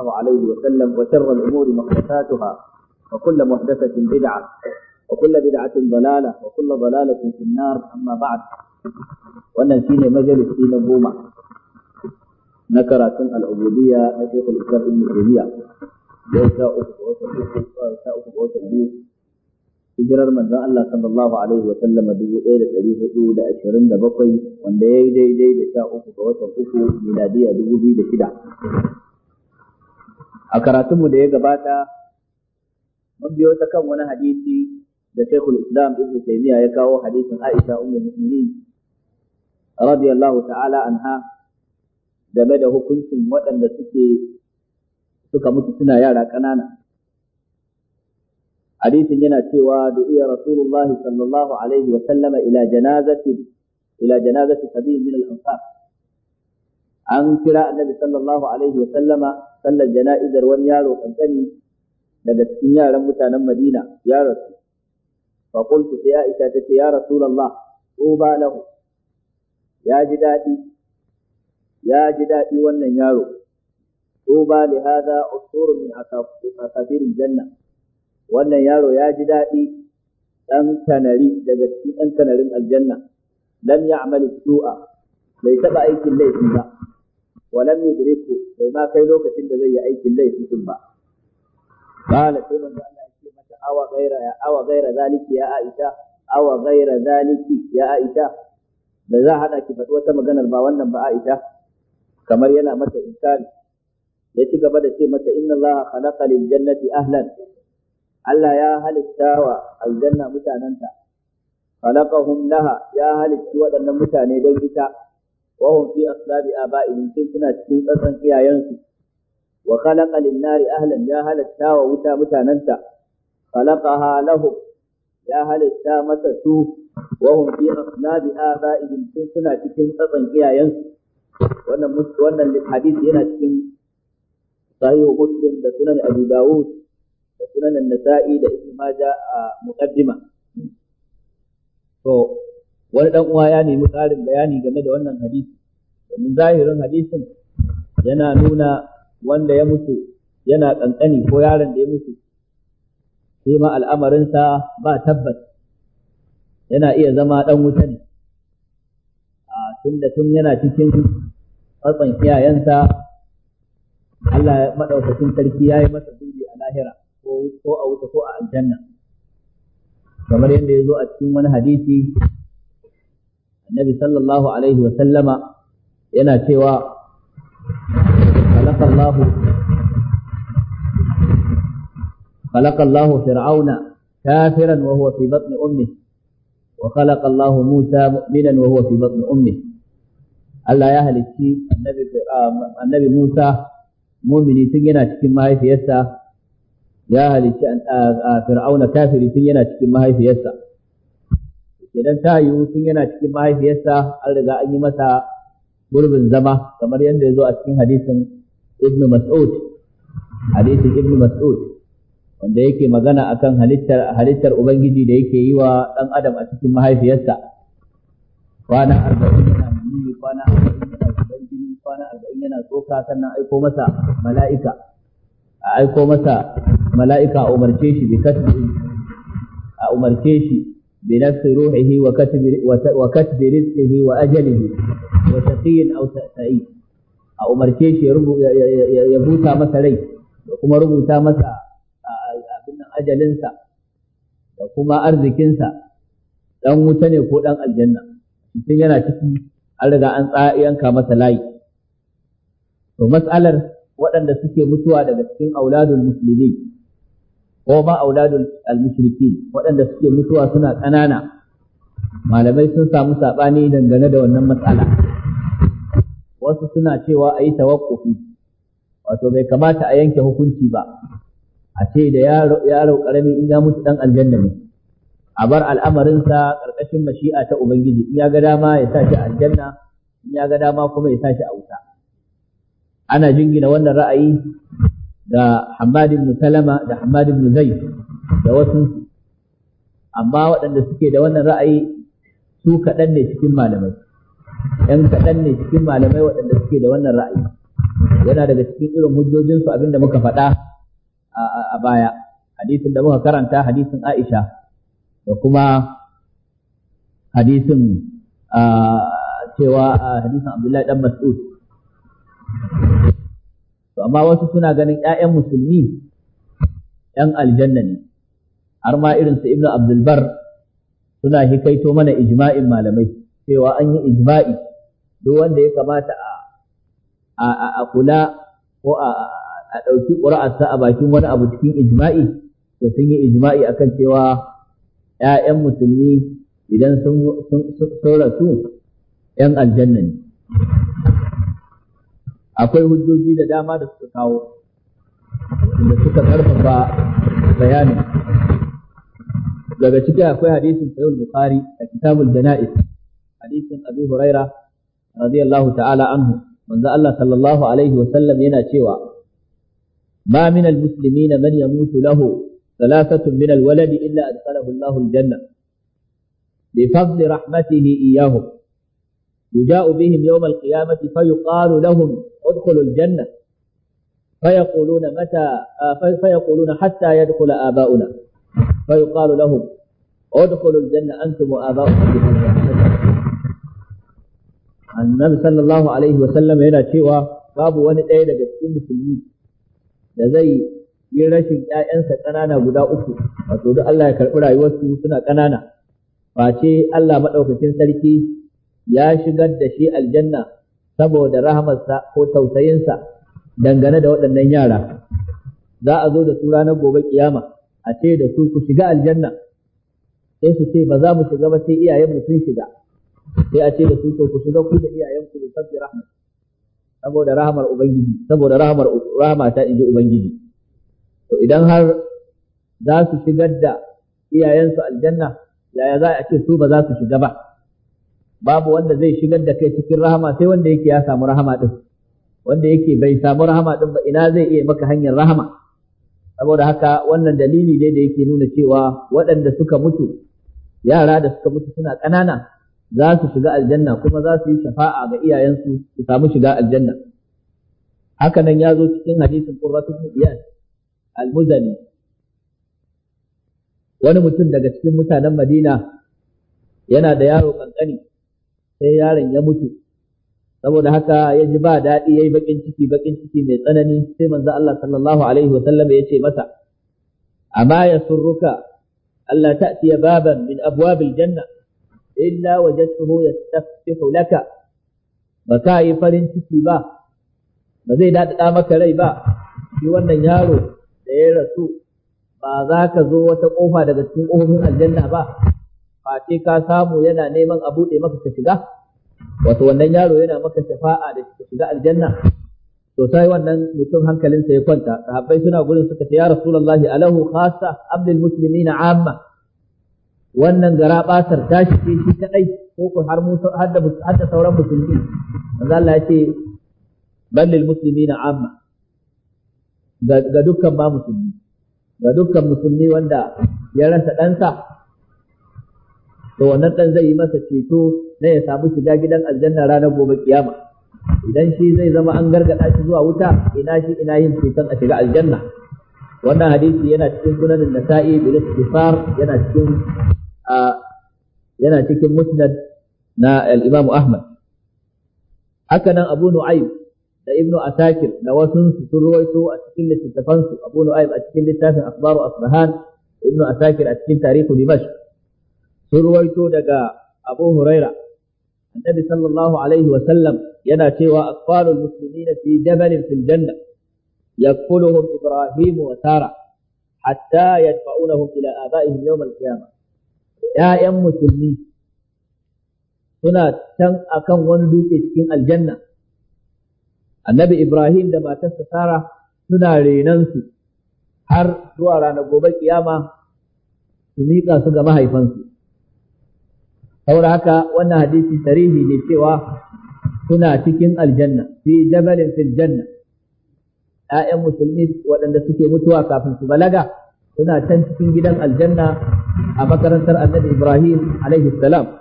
الله عليه وسلم وشر الأمور محدثاتها وكل محدثة بدعة وكل بدعة ضلالة وكل ضلالة في النار أما بعد وننسين مجلس في نبومة نكرة العبودية نشيخ الإسلام المجلية جوزاء أخبوة البيت هجر رمضان الله صلى الله عليه وسلم دو إيرة أليه دو دا أشهرين دا بقي وان دا يجي دا شاء أخبوة أخبوة ميلادية دو بيد شدع a karatunmu da ya gabata mun biyo ta kan wani hadisi da Sheikhul Islam Ibn Taymiyyah ya kawo hadisin Aisha ummul mu'minin radiyallahu ta'ala anha game da hukuncin waɗanda suke suka mutu suna yara ƙanana hadisin yana cewa du'iya Rasulullah sallallahu alaihi wa sallama ila janazati ila janazati sabi min al-ansar an kira annabi sallallahu alaihi wa sallama sallar jana'izar wani yaro kankani daga cikin yaran mutanen Madina ya rasu fa qultu sai Aisha ta ce ya rasulullah ba lahu ya ji dadi ya ji daɗi wannan yaro ba li hadha usur min asafir janna wannan yaro ya ji daɗi ɗan kanari daga cikin ɗan kanarin aljanna lam ya'malu su'a bai taɓa aikin laifi ba walam yudriku bai ma kai lokacin da zai yi aikin laifi tun ba qala sai manzo Allah ce mata awa ghaira ya awa Aisha awa ghaira zaliki ya Aisha da za hada ki faɗi wata maganar ba wannan ba Aisha kamar yana mata inkari ya ci gaba da ce mata inna Allah khalaqa lil jannati ahlan Allah ya halitta aljanna mutananta ya halicci waɗannan mutane don wuta. wa hum fi aslabi aba'ihim suna cikin tsatsan iyayensu wa khalaqa lin-nari ya halatta wa wuta mutananta khalaqaha lahum ya halatta mata su wa hum fi aslabi aba'ihim suna cikin tsatsan iyayensu wannan wannan yana cikin sahihu muslim da sunan abi da sunan nasai da ibnu majah a muqaddima wani dan uwa ya nemi tsarin bayani game da wannan hadisi domin zahirin hadisin yana nuna wanda ya mutu yana kankani ko yaron da ya mutu sai ma al'amarinsa ba tabbas yana iya zama dan wuta ne a tun tun yana cikin tsatsan kiyayensa Allah madaukakin sarki ya yi masa gurbi a lahira ko a wuta ko a aljanna kamar yadda ya zo a cikin wani hadisi annabi sallallahu wa sallama yana cewa khalaqallahu khalaqallahu fir'auna kafiran wa huwa fi batni musa mu'minan wa huwa Allah ya halicci ah, annabi Musa mumini tun yana cikin mahaifiyarsa ah, ah, fir'auna kafiri tun yana cikin mahaifiyarsa idan ta yiwu tun yana cikin mahaifiyarsa an riga an yi masa gurbin zama kamar yadda ya zo a cikin hadisin ibn mas'ud hadisin ibn mas'ud wanda yake magana akan halittar halittar ubangiji da yake yi wa dan adam a cikin mahaifiyarsa kwana arba'in yana nuni kwana arba'in yana zuban jini kwana arba'in yana tsoka sannan aiko masa mala'ika a aiko masa mala'ika a umarce shi bi kasbi a umarce shi بنفس روحه وكتب, وكتب رزقه وأجله وشقي أو سعيد a umarce shi ya buta masa rai da kuma rubuta masa abin ajalinsa da kuma arzikinsa dan wuta ne ko dan aljanna mutum yana ciki an riga an yanka masa layi to matsalar waɗanda suke mutuwa daga cikin auladun musulmi ko ma auladul almushrikin waɗanda suke mutuwa suna ƙanana malamai sun samu saɓani dangane da wannan matsala wasu suna cewa a yi tawakkufi wato bai kamata a yanke hukunci ba a ce da yaro ƙarami in ya mutu dan aljanna ne a bar al'amarinsa ƙarƙashin mashi'a ta ubangiji in ya ga dama ya sa aljanna in ya ga dama kuma ya sa shi a wuta ana jingina wannan ra'ayi da Hamad ibn Salama da Hamad ibn Zayd da wasu amma waɗanda suke da wannan ra'ayi su kaɗan ne cikin malamai ɗan kaɗan ne cikin malamai waɗanda suke da wannan ra'ayi yana daga cikin irin hujjojinsu abinda muka faɗa a baya hadisin da muka karanta hadisin Aisha da kuma hadisin cewa hadisin Abdullahi dan Mas'ud to amma wasu suna ganin ƴaƴan musulmi ƴan aljanna ne har ma irin su ibnu abdul bar suna hikaito mana ijma'in malamai cewa an yi ijma'i duk wanda ya kamata a a a kula ko a a ɗauki ƙuri'arsa a bakin wani abu cikin ijma'i to sun yi ijma'i akan cewa ƴaƴan musulmi idan sun rasu ƴan aljanna ne akwai hujjoji da dama da suka kawo da suka karfafa bayanin daga ciki akwai hadisin sahih bukhari a kitabul janaiz hadisin abi huraira radiyallahu ta'ala anhu manzo Allah sallallahu alaihi wa sallam yana cewa ma min almuslimin man yamutu lahu ثلاثة من الولد إلا أدخله الله الجنة بفضل رحمته إياهم يجاء بهم يوم القيامة فيقال لهم udkhulul janna fayaquluna mata fayaquluna hatta yadkhula aba'una fayuqalu lahum udkhulul janna antum wa aba'ukum annabi sallallahu alaihi wa sallam yana cewa babu wani ɗaya daga cikin musulmi da zai yi rashin 'ya'yansa ƙanana guda uku wato duk Allah ya karɓi rayuwarsu suna ƙanana face Allah maɗaukakin sarki ya shigar da shi aljanna saboda rahamarsa ko tausayinsa dangane da waɗannan yara za a zo da su ranar gobe kiyama a ce da su ku shiga aljanna sai su ce ba za mu shiga ba sai iyayenmu sun shiga sai a ce da su to ku shiga ku da iyayenku bi sabbi rahmat saboda rahamar ubangiji saboda rahamar rahama ta inji ubangiji to idan har za su shigar da iyayensu aljanna yaya za a ce su ba za su shiga ba babu wanda zai shigar da kai cikin rahama sai wanda yake ya samu rahama din wanda yake bai samu rahama din ba ina zai iya maka hanyar rahama saboda haka wannan dalili ne da yake nuna cewa waɗanda suka mutu yara da suka mutu suna ƙanana za su shiga aljanna kuma za su yi shafa'a ga iyayensu su samu shiga aljanna haka nan ya zo cikin hadisin qurratul iyad al-muzani wani mutum daga cikin mutanen Madina yana da yaro kankani sai yaron ya mutu saboda haka ya ji ba daɗi yayi bakin ciki baƙin ciki mai tsanani sai manzo Allah sallallahu alaihi wa ya ce masa amma Allah alla ta'tiya baban min abwabil janna illa wajadtuhu yastaftihu laka ba ka yi farin ciki ba ba zai daɗaɗa maka rai ba shi wannan yaro da ya rasu ba za ka zo wata ƙofa daga cikin ƙofofin aljanna ba ba sai ka samu yana neman a buɗe maka ka shiga wato wannan yaro yana maka shafa'a da ka shiga aljanna to sai wannan mutum hankalinsa ya kwanta sahabbai suna gurin suka ce ya rasulullahi alahu khassa abdul muslimina amma wannan gara basar ta shige shi kadai ko ko har har da sauran musulmi manzo Allah ya ce balil muslimina amma ga dukkan ba musulmi ga dukkan musulmi wanda ya rasa ɗansa to wannan dan zai yi masa ceto na ya samu shiga gidan aljanna ranar gobe kiyama idan shi zai zama an gargada shi zuwa wuta ina shi ina yin ceton a shiga aljanna wannan hadisi yana cikin sunan nasa'i bil istifar yana cikin yana cikin musnad na al-imam ahmad haka nan abu nu'aym da ibnu asakir da wasu sun ruwaito a cikin littattafansu abu nu'aym a cikin littafin akhbaru asbahan ibnu asakir a cikin tarihu dimashq sun ruwaito daga Abu Huraira annabi sallallahu alaihi wa sallam yana cewa asfalul muslimina fi jabalin fil janna yakfuluhum Ibrahim wa Sara hatta yadfa'unahum ila abaihim yawm al-qiyamah Ya'yan musulmi suna can akan wani dutse cikin aljanna annabi Ibrahim da matarsa Sara suna su har zuwa ranar gobe kiyama su miƙa su ga mahaifansu saboda haka wannan hadisi tarihi ne cewa suna cikin aljanna fi jabalin fil janna ƴaƴan musulmi waɗanda suke mutuwa kafin su balaga suna can cikin gidan aljanna a makarantar annabi ibrahim alaihi salam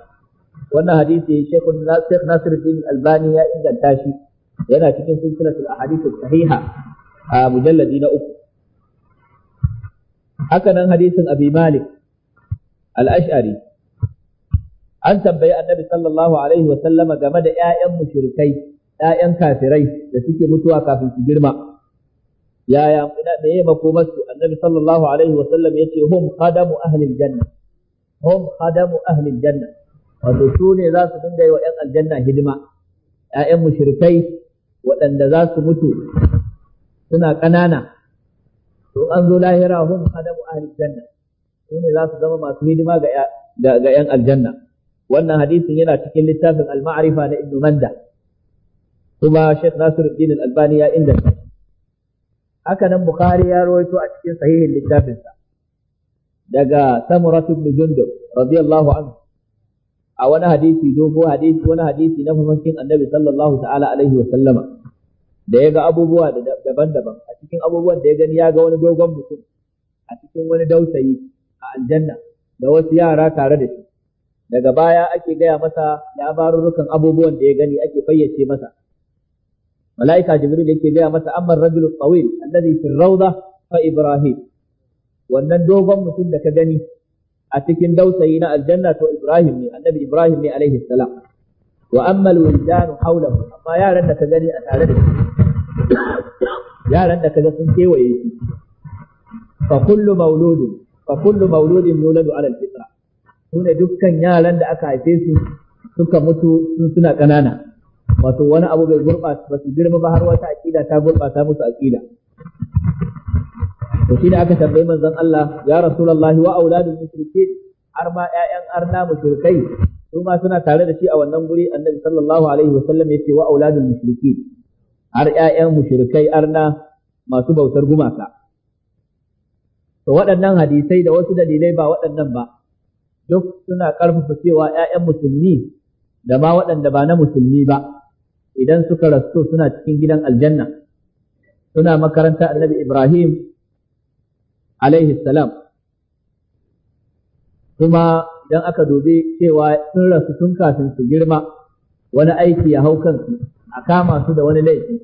wannan hadisi Shekhu Nasir Din Albani ya inganta shi yana cikin a ahadith sahiha a mujalladi na uku haka nan hadisin Abi Malik Al-Ash'ari an tambayi annabi sallallahu alaihi wa sallama game da ƴaƴan mushrikai ƴaƴan kafirai da suke mutuwa kafin su girma yaya me ya makomarsu annabi sallallahu alaihi wa sallam yace hum khadamu ahli aljanna hum khadamu ahli aljanna wato su ne za su dinga yi wa ƴan aljanna hidima ƴaƴan mushrikai waɗanda za su mutu suna ƙanana to an zo lahira hum khadamu ahli aljanna su ne za su zama masu hidima ga ga ƴan aljanna wannan hadisin yana cikin littafin al-ma'rifa na Ibn Manda kuma Sheikh Nasiruddin al-Albani ya inganta haka nan Bukhari ya rawaito a cikin sahihin littafin sa daga Samurah ibn Jundub radiyallahu anhu a wani hadisi dogo hadisi wani hadisi na mamakin Annabi sallallahu ta'ala alaihi wa sallama da ya ga abubuwa daban-daban a cikin abubuwan da ya gani ya ga wani dogon mutum a cikin wani dausayi a aljanna da wasu yara tare da shi daga baya ake gaya masa labarurukan abubuwan da ya gani ake fayyace masa mala'ika jibril yake gaya masa amma rajul tawil alladhi fi rawda fa ibrahim wannan dogon mutum da ka gani a cikin dausayi na aljanna to ibrahim ne annabi ibrahim ne alaihi salam wa amma alwildan hawlahu amma yaran da ka gani a tare da shi yaran da ka ga sun kewaye shi fa kullu mauludin fa kullu mauludin yuladu ala alfitra su dukkan yaran da aka haife su suka mutu sun suna ƙanana wato wani abu bai gurɓata ba su girma ba har wata aƙida ta gurɓata musu aƙida to shi ne aka tambayi manzon Allah ya rasulullahi wa auladul mushrikin har ma ƴaƴan arna mushrikai su ma suna tare da shi a wannan guri annabi sallallahu alaihi wasallam yace wa auladul mushrikin har ƴaƴan mushrikai arna masu bautar gumaka to waɗannan hadisai da wasu dalilai ba waɗannan ba duk suna ƙarfafa cewa ‘ya'yan musulmi da ma waɗanda ba na musulmi ba idan suka rasu suna cikin gidan aljanna suna makaranta annabi Ibrahim alaihi salam kuma idan aka dubi cewa sun rasu sun kafin su girma wani aiki ya hau kansu a kama su da wani laifi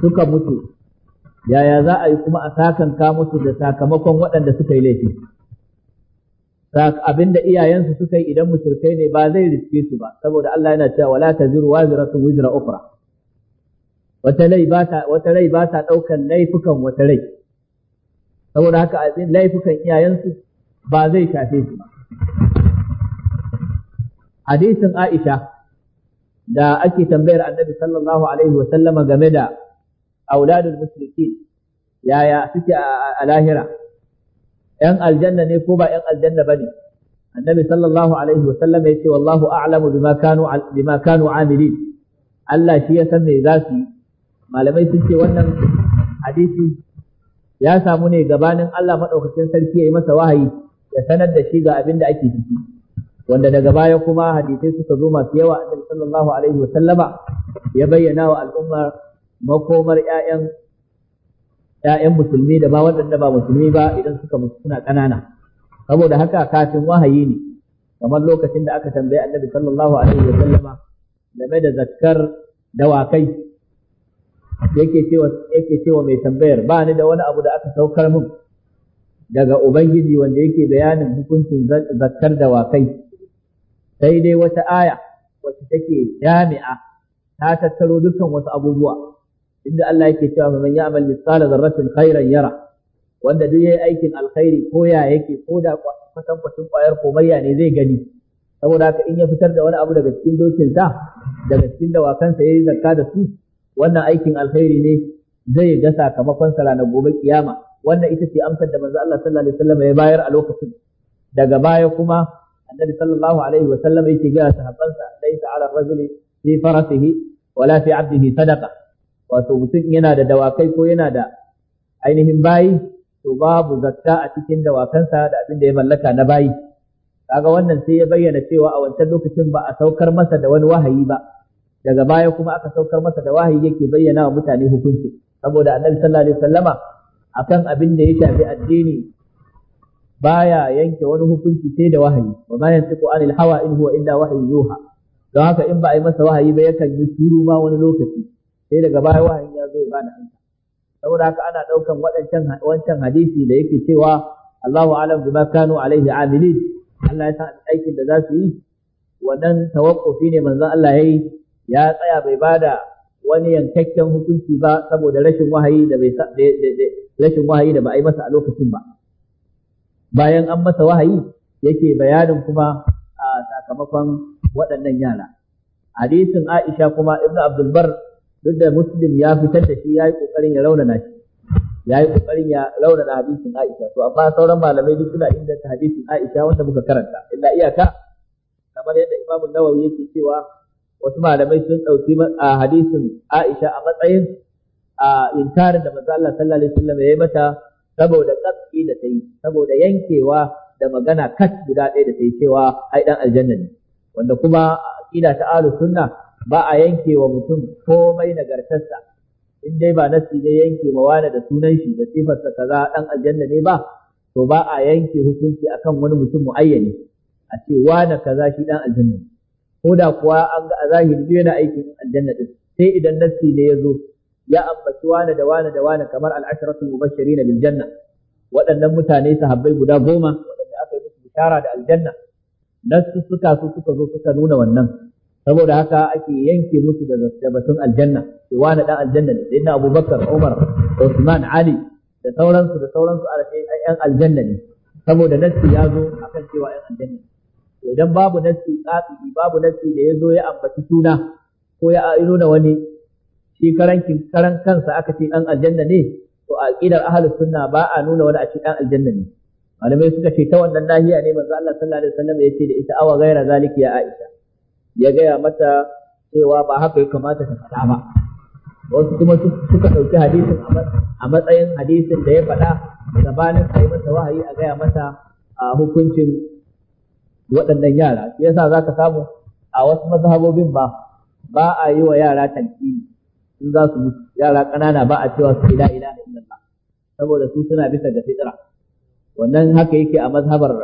suka mutu yaya za a yi kuma a sakanka musu da sakamakon waɗanda suka yi laifi abinda iyayensu suka yi idan mushrikai ne ba zai riske su ba saboda Allah yana cewa wala taziru waziratu wizra ukhra wata rai ba ta wata rai ba ta daukan laifukan wata rai saboda haka abin laifukan iyayensu ba zai shafe su ba hadisin Aisha da ake tambayar Annabi sallallahu alaihi wa sallama game da auladul mushrikin yaya suke a lahira ‘yan aljanna ne ko ba ‘yan aljanna ba ne, annabi sallallahu Alaihi wasallam ya ce, Wallahu a'lamu bima kanu amilin, Allah shi ya san me za su yi, malamai sun ce wannan hadisi ya samu ne gabanin Allah maɗaukakin sarki ya yi masa wahayi ya sanar da shi ga abin da ake ciki. Wanda daga baya kuma hadisai suka zo masu yawa annabi sallallahu Alaihi ya bayyana wa al'ummar makomar ‘ya'yan yayan musulmi da ba waɗanda ba musulmi ba idan suka mutu suna ƙanana saboda haka kafin wahayi ne kamar lokacin da aka tambayi annabi sallallahu alaihi wa sallama game da zakkar dawakai yake cewa yake cewa mai tambayar ba ni da wani abu da aka saukar min daga ubangiji wanda yake bayanin hukuncin zakkar dawakai sai dai wata aya wacce take jami'a ta tattaro dukkan wasu abubuwa inda Allah yake cewa man ya'mal mithqala dharratin khairan yara wanda duk yayi aikin alkhairi ko ya yake ko da kwatan kwatan kwayar komayya ne zai gani saboda haka in ya fitar da wani abu daga cikin dokin sa daga cikin dawakansa yayi zakka da su wannan aikin alkhairi ne zai ga sakamakon sa ranar gobe kiyama wannan ita ce amsar da manzo Allah sallallahu alaihi wasallam ya bayar a lokacin daga baya kuma annabi sallallahu alaihi wasallam yake ga sahabbansa laysa ala rajuli fi farasihi wala fi abdihi sadaqa wato mutum yana da dawakai ko yana da ainihin bayi to babu zakka a cikin dawakansa da abin da ya mallaka na bayi kaga wannan sai ya bayyana cewa a wancan lokacin ba a saukar masa da wani wahayi ba daga baya kuma aka saukar masa da wahayi yake bayyana wa mutane hukunci saboda annabi sallallahu alaihi wasallama akan abin da ya shafi addini baya yanke wani hukunci sai da wahayi wa ma yantiqu anil hawa in huwa illa wahyu yuha don haka in ba a yi masa wahayi ba yakan yi shiru ma wani lokaci sai daga baya wahayin ya zo ya bada ansa saboda haka ana daukan wadancan wancan hadisi da yake cewa Allahu alam bima kanu alaihi amilin Allah ya san aikin da za su yi wannan tawakkufi ne manzon Allah yayi ya tsaya bai bada wani yankakken hukunci ba saboda rashin wahayi da bai rashin wahayi da ba a yi masa a lokacin ba bayan an masa wahayi yake bayanin kuma a sakamakon waɗannan yara hadisin Aisha kuma Ibn Abdul Bar duk da muslim ya fitar da shi ya yi ƙoƙarin ya raunana shi ya yi ƙoƙarin ya raunana hadisin Aisha to amma sauran malamai duk suna inganta hadisin Aisha wanda muka karanta illa iyaka kamar yadda Imam Nawawi yake cewa wasu malamai sun ɗauki a hadisin Aisha a matsayin a inkarin da manzo Allah sallallahu alaihi wasallam ya yi mata saboda katsi da ta saboda yankewa da magana kat guda ɗaya da ta yi cewa ai dan aljanna ne wanda kuma akida ta ahlus sunna ba a yanke wa mutum komai nagartarsa in dai ba nasi ne yanke wa wani da sunan shi da sifarsa kaza dan aljanna ne ba to ba a yanke hukunci akan wani mutum muayyani a ce wani kaza shi dan aljanna ne ko da kuwa an ga a zahiri yana aikin aljanna din sai idan nasi ne ya zo ya ambaci wani da wani da wani kamar al'asharatul mubashirin bil janna waɗannan mutane sahabbai guda goma waɗanda aka yi musu bishara da aljanna nasu suka su suka zo suka nuna wannan saboda haka ake yanke musu da batun aljanna sai wani dan aljanna ne sayyidina abubakar umar usman ali da sauransu da sauransu a yan aljanna ne saboda nassi ya zo akan cewa yan aljanna idan babu nassi tsafi babu nassi da ya zo ya ambaci suna ko ya nuna wani shi karankin karan kansa aka ce dan aljanna ne to a aqidar ahlus sunna ba a nuna wani a ce dan aljanna ne malamai suka ce ta wannan nahiya ne manzo Allah sallallahu alaihi wasallam ya ce da ita awa ghaira zalika ya Aisha ya gaya mata cewa ba haka ya kamata ta faɗa ba wasu kuma suka ɗauki hadisin a matsayin hadisin da ya faɗa gabanin a yi masa wahayi a gaya mata a hukuncin waɗannan yara shi yasa za ka samu a wasu mazhabobin ba ba a yi wa yara talqini in za su mutu yara ƙanana ba a cewa su ila ila illallah saboda su suna bisa ga fitra wannan haka yake a mazhabar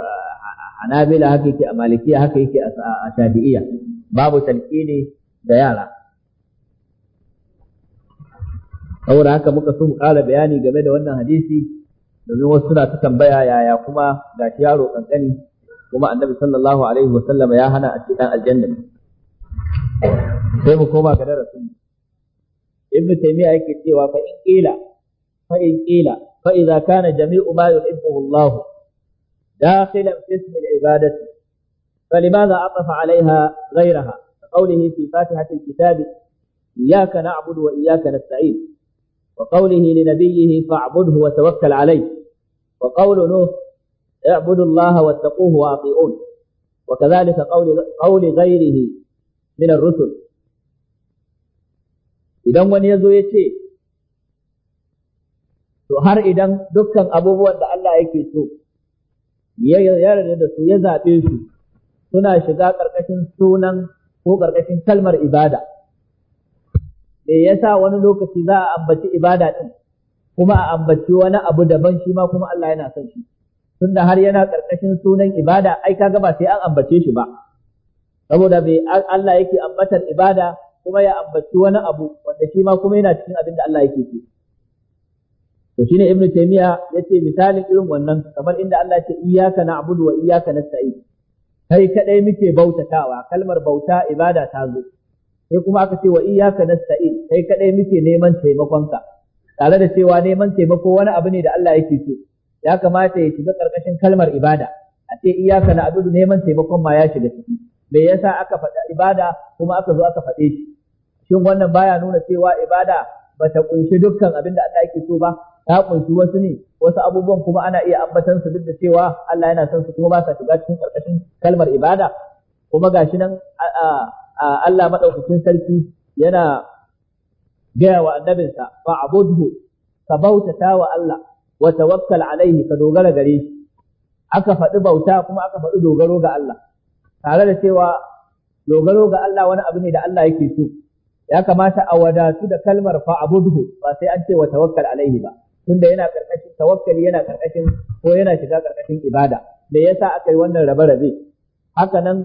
Hanabila haka yake a Malikiya haka yake a Shafi'iyya babu talqini da yara saboda haka muka so mu ƙara bayani game da wannan hadisi domin wasu suna ta tambaya yaya kuma ga shi yaro kankani kuma annabi sallallahu alaihi wa sallama ya hana a cikin aljanna sai mu koma ga darasin ibnu taymiya yake cewa fa in qila fa in qila fa idza kana jami'u ma yuhibbuhu Allah dakhilan fi ismi al-ibadati فلماذا عطف عليها غيرها كقوله في فاتحة الكتاب إياك نعبد وإياك نستعين وقوله لنبيه فاعبده وتوكل عليه وقول نوح اعبدوا الله واتقوه واطيعون وكذلك قول قول غيره من الرسل idan wani ya zo ya ce to har idan dukkan abubuwan da Allah yake so ya yarda da su ya zaɓe su suna shiga ƙarƙashin sunan ko ƙarƙashin kalmar ibada me yasa wani lokaci za a ambaci ibada din kuma a ambaci wani abu daban shi ma kuma Allah yana son shi Tun da har yana ƙarƙashin sunan ibada ai kaga ba sai an ambace shi ba saboda bai Allah yake ambatar ibada kuma ya ambaci wani abu wanda shi ma kuma yana cikin abin da Allah yake ke to shine Ibn taymiya yace misalin irin wannan kamar inda Allah ya ce iyyaka na'budu wa iyyaka nasta'in kai kadai muke bautatawa kalmar bauta ibada ta zo sai kuma aka ce wa iyyaka nasta'in kai kadai muke neman taimakonka tare da cewa neman taimako wani abu ne da Allah yake so ya kamata ya shiga karkashin kalmar ibada a ce iyyaka na'budu neman taimakon ma ya shiga ciki me yasa aka faɗa ibada kuma aka zo aka faɗe shi shin wannan baya nuna cewa ibada bata kunshi dukkan abin da Allah yake so ba ta kunshi wasu ne wasu abubuwan kuma ana iya ambatan su duk da cewa Allah yana son su kuma ba sa shiga cikin karkashin kalmar ibada kuma gashi nan Allah madaukakin sarki yana gaya wa annabinsa fa abudhu ka bautata wa Allah wa tawakkal alaihi ka dogara gare shi aka faɗi bauta kuma aka faɗi dogaro ga Allah tare da cewa dogaro ga Allah wani abu ne da Allah yake so ya kamata a wadatu da kalmar fa abudhu ba sai an ce wa tawakkal alaihi ba tunda yana karkashin tawakkali yana karkashin ko yana shiga karkashin ibada me yasa aka yi wannan rabe rabe haka nan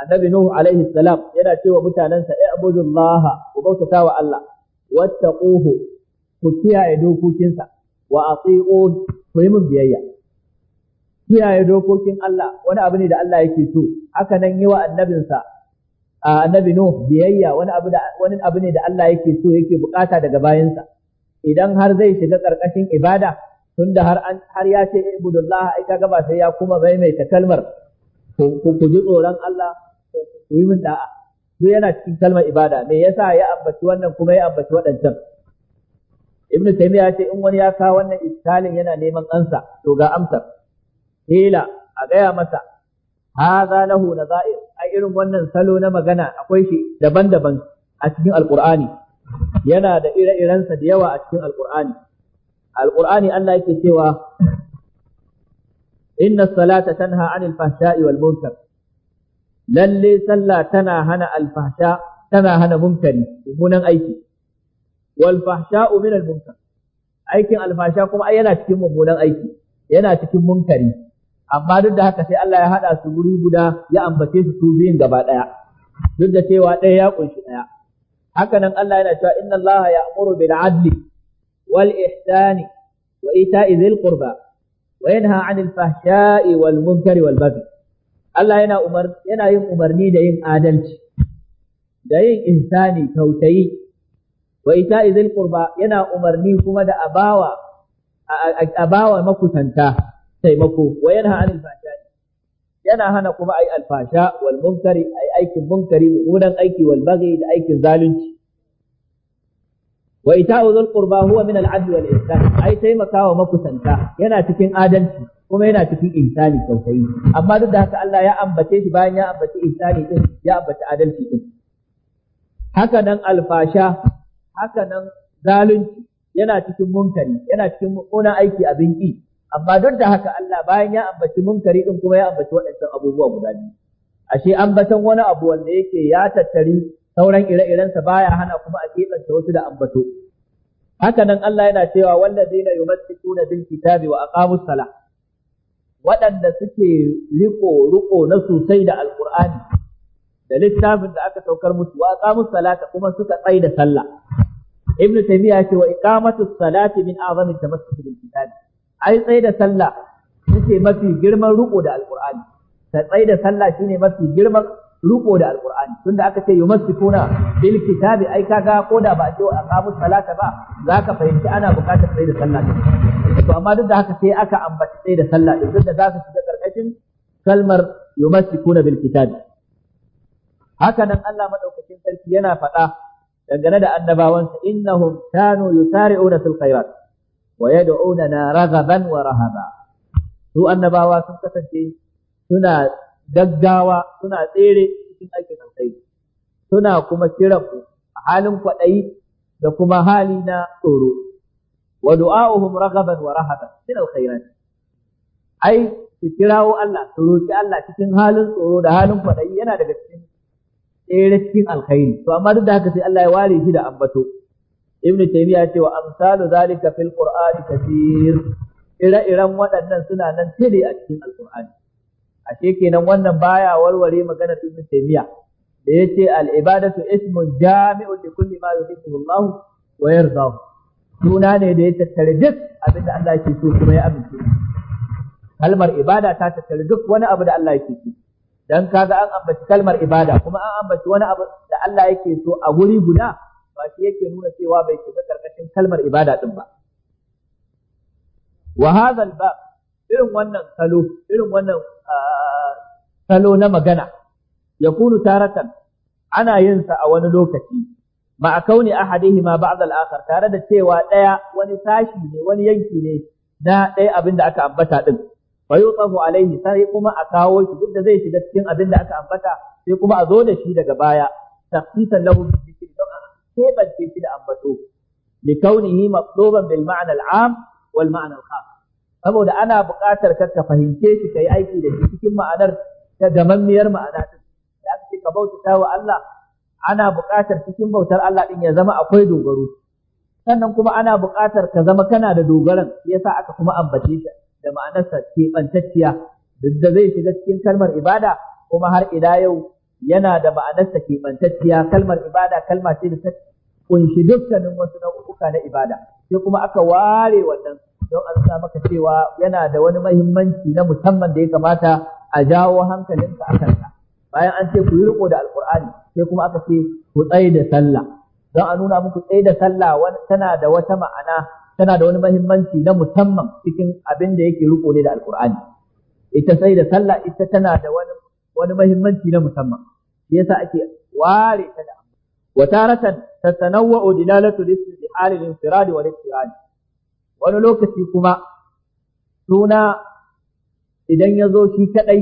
annabi nuhu alaihi salam yana cewa mutanansa ya abudullah ku bautata wa Allah wattaquhu ku kiyaye dokokinsa wa ati'u ku yi min biyayya kiyaye dokokin Allah wani abu ne da Allah yake so haka nan yi wa annabinsa annabi nuh biyayya wani abu da wani abu ne da Allah yake so yake bukata daga bayansa idan har zai shiga ƙarƙashin ibada tunda har har ya ce ibudullah ai kaga ba sai ya kuma maimaita kalmar ku ji tsoron Allah ku yi min da'a duk yana cikin kalmar ibada me yasa ya ambaci wannan kuma ya ambaci waɗancan ibnu taymiya ya ce in wani ya kawo wannan iskalin yana neman ansa to ga amsar hila a gaya masa haza lahu nazair a irin wannan salo na magana akwai shi daban-daban a cikin alqur'ani yana da ire-irensa da yawa a cikin alqur'ani alqur'ani Allah yake cewa inna salata tanha 'anil fahsha'i wal munkar lalle sallah tana hana alfahsha tana hana munkari mummunan aiki wal fahsha'u min al munkar aikin alfasha kuma ai yana cikin mummunan aiki yana cikin munkari amma duk da haka sai Allah ya haɗa su guri guda ya ambace su su biyun gaba ɗaya. duk da cewa ɗaya ya ƙunshi ɗaya haka nan Allah yana cewa inna Allah ya'muru bil adli wal ihsani wa ita'i qurba wa yanha 'anil fahsha'i wal munkari wal Allah yana umar yana yin umarni da yin adalci da yin tausayi wa ita'i qurba yana umarni kuma da abawa abawa makusanta taimako wa yanha 'anil fahsha'i yana hana kuma ai alfasha wal munkari ai aikin munkari mudan aiki wal baghi da aikin zalunci wa ita'u dhul qurba huwa min al adl wal ihsan ai taimakawa makusanta yana cikin adalci kuma yana cikin insani tausayi amma duk da haka Allah ya ambace shi bayan ya ambace insani din ya ambace adalci din haka nan alfasha haka nan zalunci yana cikin munkari yana cikin mummunan aiki abin ki amma don da haka Allah bayan ya ambaci munkari din kuma ya ambaci waɗancan abubuwa guda biyu ashe ambaton wani abu wanda yake ya tattari sauran ire-irensa baya hana kuma a kebanta wasu da ambato haka nan Allah yana cewa walladina yumassikuna bil kitabi wa aqamus Sala, waɗanda suke riko riko na sosai da alqur'ani da littafin da aka saukar musu wa aqamus salata kuma suka tsai da sallah ibnu taymiya ce wa iqamatus salati min a'zami masu bil kitabi ai tsaye da sallah ne mafi girman ruko da alqur'ani ta tsaye da sallah shine mafi girman ruko da alqur'ani tunda aka ce yumassikuna bil kitabi ai kaga ko da ba ce a kamu salata ba zaka fahimci ana bukatar tsaye da sallah to amma duk da haka sai aka ambaci tsaye da sallah din duk da zaka shiga karkashin kalmar yumassikuna bil kitabi haka nan Allah madaukakin sarki yana faɗa dangane da annabawansa innahum kanu yusari'una fil khairat wa yad'unana raghaban wa rahaba su annabawa sun kasance suna gaggawa suna tsere cikin aikin alkhairi suna kuma kiran ku a halin kwaɗayi da kuma hali na tsoro wa du'a'uhum raghaban wa rahaban min alkhairat ai su kirawo Allah su roki Allah cikin halin tsoro da halin kwaɗayi yana daga cikin tsere cikin alkhairi to amma duk da haka sai Allah ya ware shi da ambato ibnu taymiya ce wa amsalu zalika fil qur'ani kathir ire-iren waɗannan suna nan tire a cikin alqur'ani ashe kenan wannan baya warware magana ibnu taymiya da yace al ibadatu ismun jami'un li kulli ma yuhibbu Allah wa yardahu suna ne da ya tattare duk abin da Allah yake so kuma ya amince kalmar ibada ta tattare duk wani abu da Allah yake so dan kaga an ambaci kalmar ibada kuma an ambaci wani abu da Allah yake so a guri guda ba shi yake nuna cewa bai shiga karkashin kalmar ibada din ba wa hadha bab irin wannan salo irin wannan salo na magana yakunu taratan ana yin sa a wani lokaci ma a kauni ahadihima ba'd al-akhar tare da cewa ɗaya wani sashi ne wani yanki ne na ɗaya abin da aka ambata din fa yutafu alaihi sai kuma a kawo shi duk da zai shiga cikin abin da aka ambata sai kuma a zo da shi daga baya tafsisan lahu keɓance shi da ambato li kaunihi maqduban bil ma'na al am wal ma'na al khas saboda ana buƙatar ka ka fahimce shi kai aiki da shi cikin ma'anar ta gamammiyar ma'ana din da aka ce ka bautata wa Allah ana buƙatar cikin bautar Allah din ya zama akwai dogaro sannan kuma ana buƙatar ka zama kana da dogaran yasa aka kuma ambace shi da ma'anarsa keɓantacciya duk da zai shiga cikin kalmar ibada kuma har ila yau yana da ma'anarsa keɓantacciya kalmar ibada kalma ce da kunshi dukkanin wasu nau'uka na ibada sai kuma aka ware wannan don an sa maka cewa yana da wani mahimmanci na musamman da ya kamata a jawo hankalinka a kansa bayan an ce ku yi riko da alkur'ani sai kuma aka ce ku tsaye da sallah don a nuna muku tsaye da sallah tana da wata ma'ana tana da wani mahimmanci na musamman cikin abin da yake riko ne da alkur'ani ita tsaye da sallah ita tana da wani wani mahimmanci na musamman shi yasa ake ware ta da وتارة تتنوع دلالة الاسم بحال الانفراد والاقتران wani lokaci kuma suna idan ya zo shi kaɗai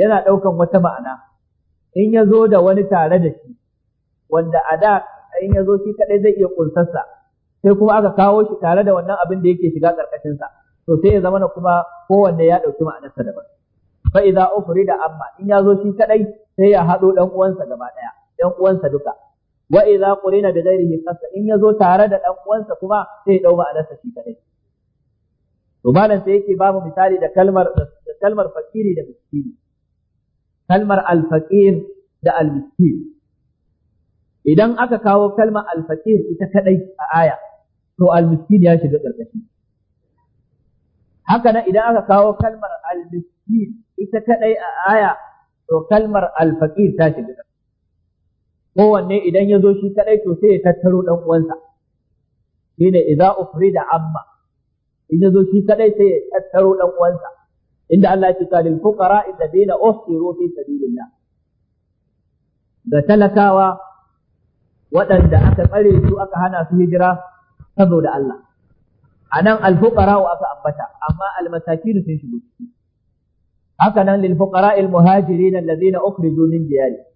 yana ɗaukan wata ma'ana in ya zo da wani tare da shi wanda a da in ya zo shi kaɗai zai iya ƙunsarsa sai kuma aka kawo shi tare da wannan abin da yake shiga ƙarƙashinsa to sai ya zama na kuma kowanne ya ɗauki ma'anarsa daban fa idza da amma in ya zo shi kaɗai sai ya haɗo ɗan uwansa gaba ɗaya ɗan uwansa duka wa idza qurina bi ghairihi qasa in yazo tare da dan uwansa kuma sai ya dau ma'anarsa shi kadai to malam sai yake babu misali da kalmar da kalmar fakiri da miskini kalmar al-faqir da al-miskin idan aka kawo kalmar al-faqir ita kadai a aya to al-miskin ya shiga karkashi haka nan idan aka kawo kalmar al-miskin ita kadai a aya to kalmar al-faqir ta shiga kowanne idan ya zo shi kadai to sai ya tattaro ɗan uwansa iza idza da amma in ya zo shi kadai sai ya tattaro ɗan uwansa inda Allah ya ce lil fuqara alladheena uhsiru fi sabilillah da talakawa waɗanda aka tsare su aka hana su hijira saboda Allah anan al-fuqara wa aka ambata amma al-masakin sun shigo ciki haka nan lil fuqara al-muhajirin alladheena ukhriju min diyarihim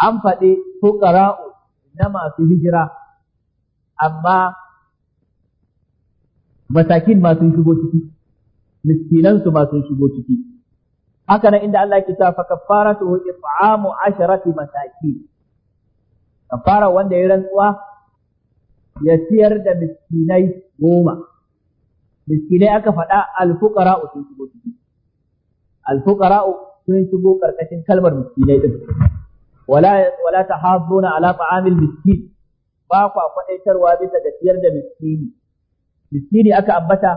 an faɗi fuqara'u na masu hijira amma masakin ma sun shigo ciki miskinansu ma sun shigo ciki haka nan inda Allah ke ta fa kaffaratu it'amu asharati masaki kafara wanda ya rantsuwa ya ciyar da miskinai goma miskinai aka faɗa alfukarau sun shigo ciki Alfukarau sun shigo karkashin kalmar miskinai din wala wala tahadduna ala ta'amil miskin ba kwa kwadaitarwa bisa ga ciyar da miskini miskini aka ambata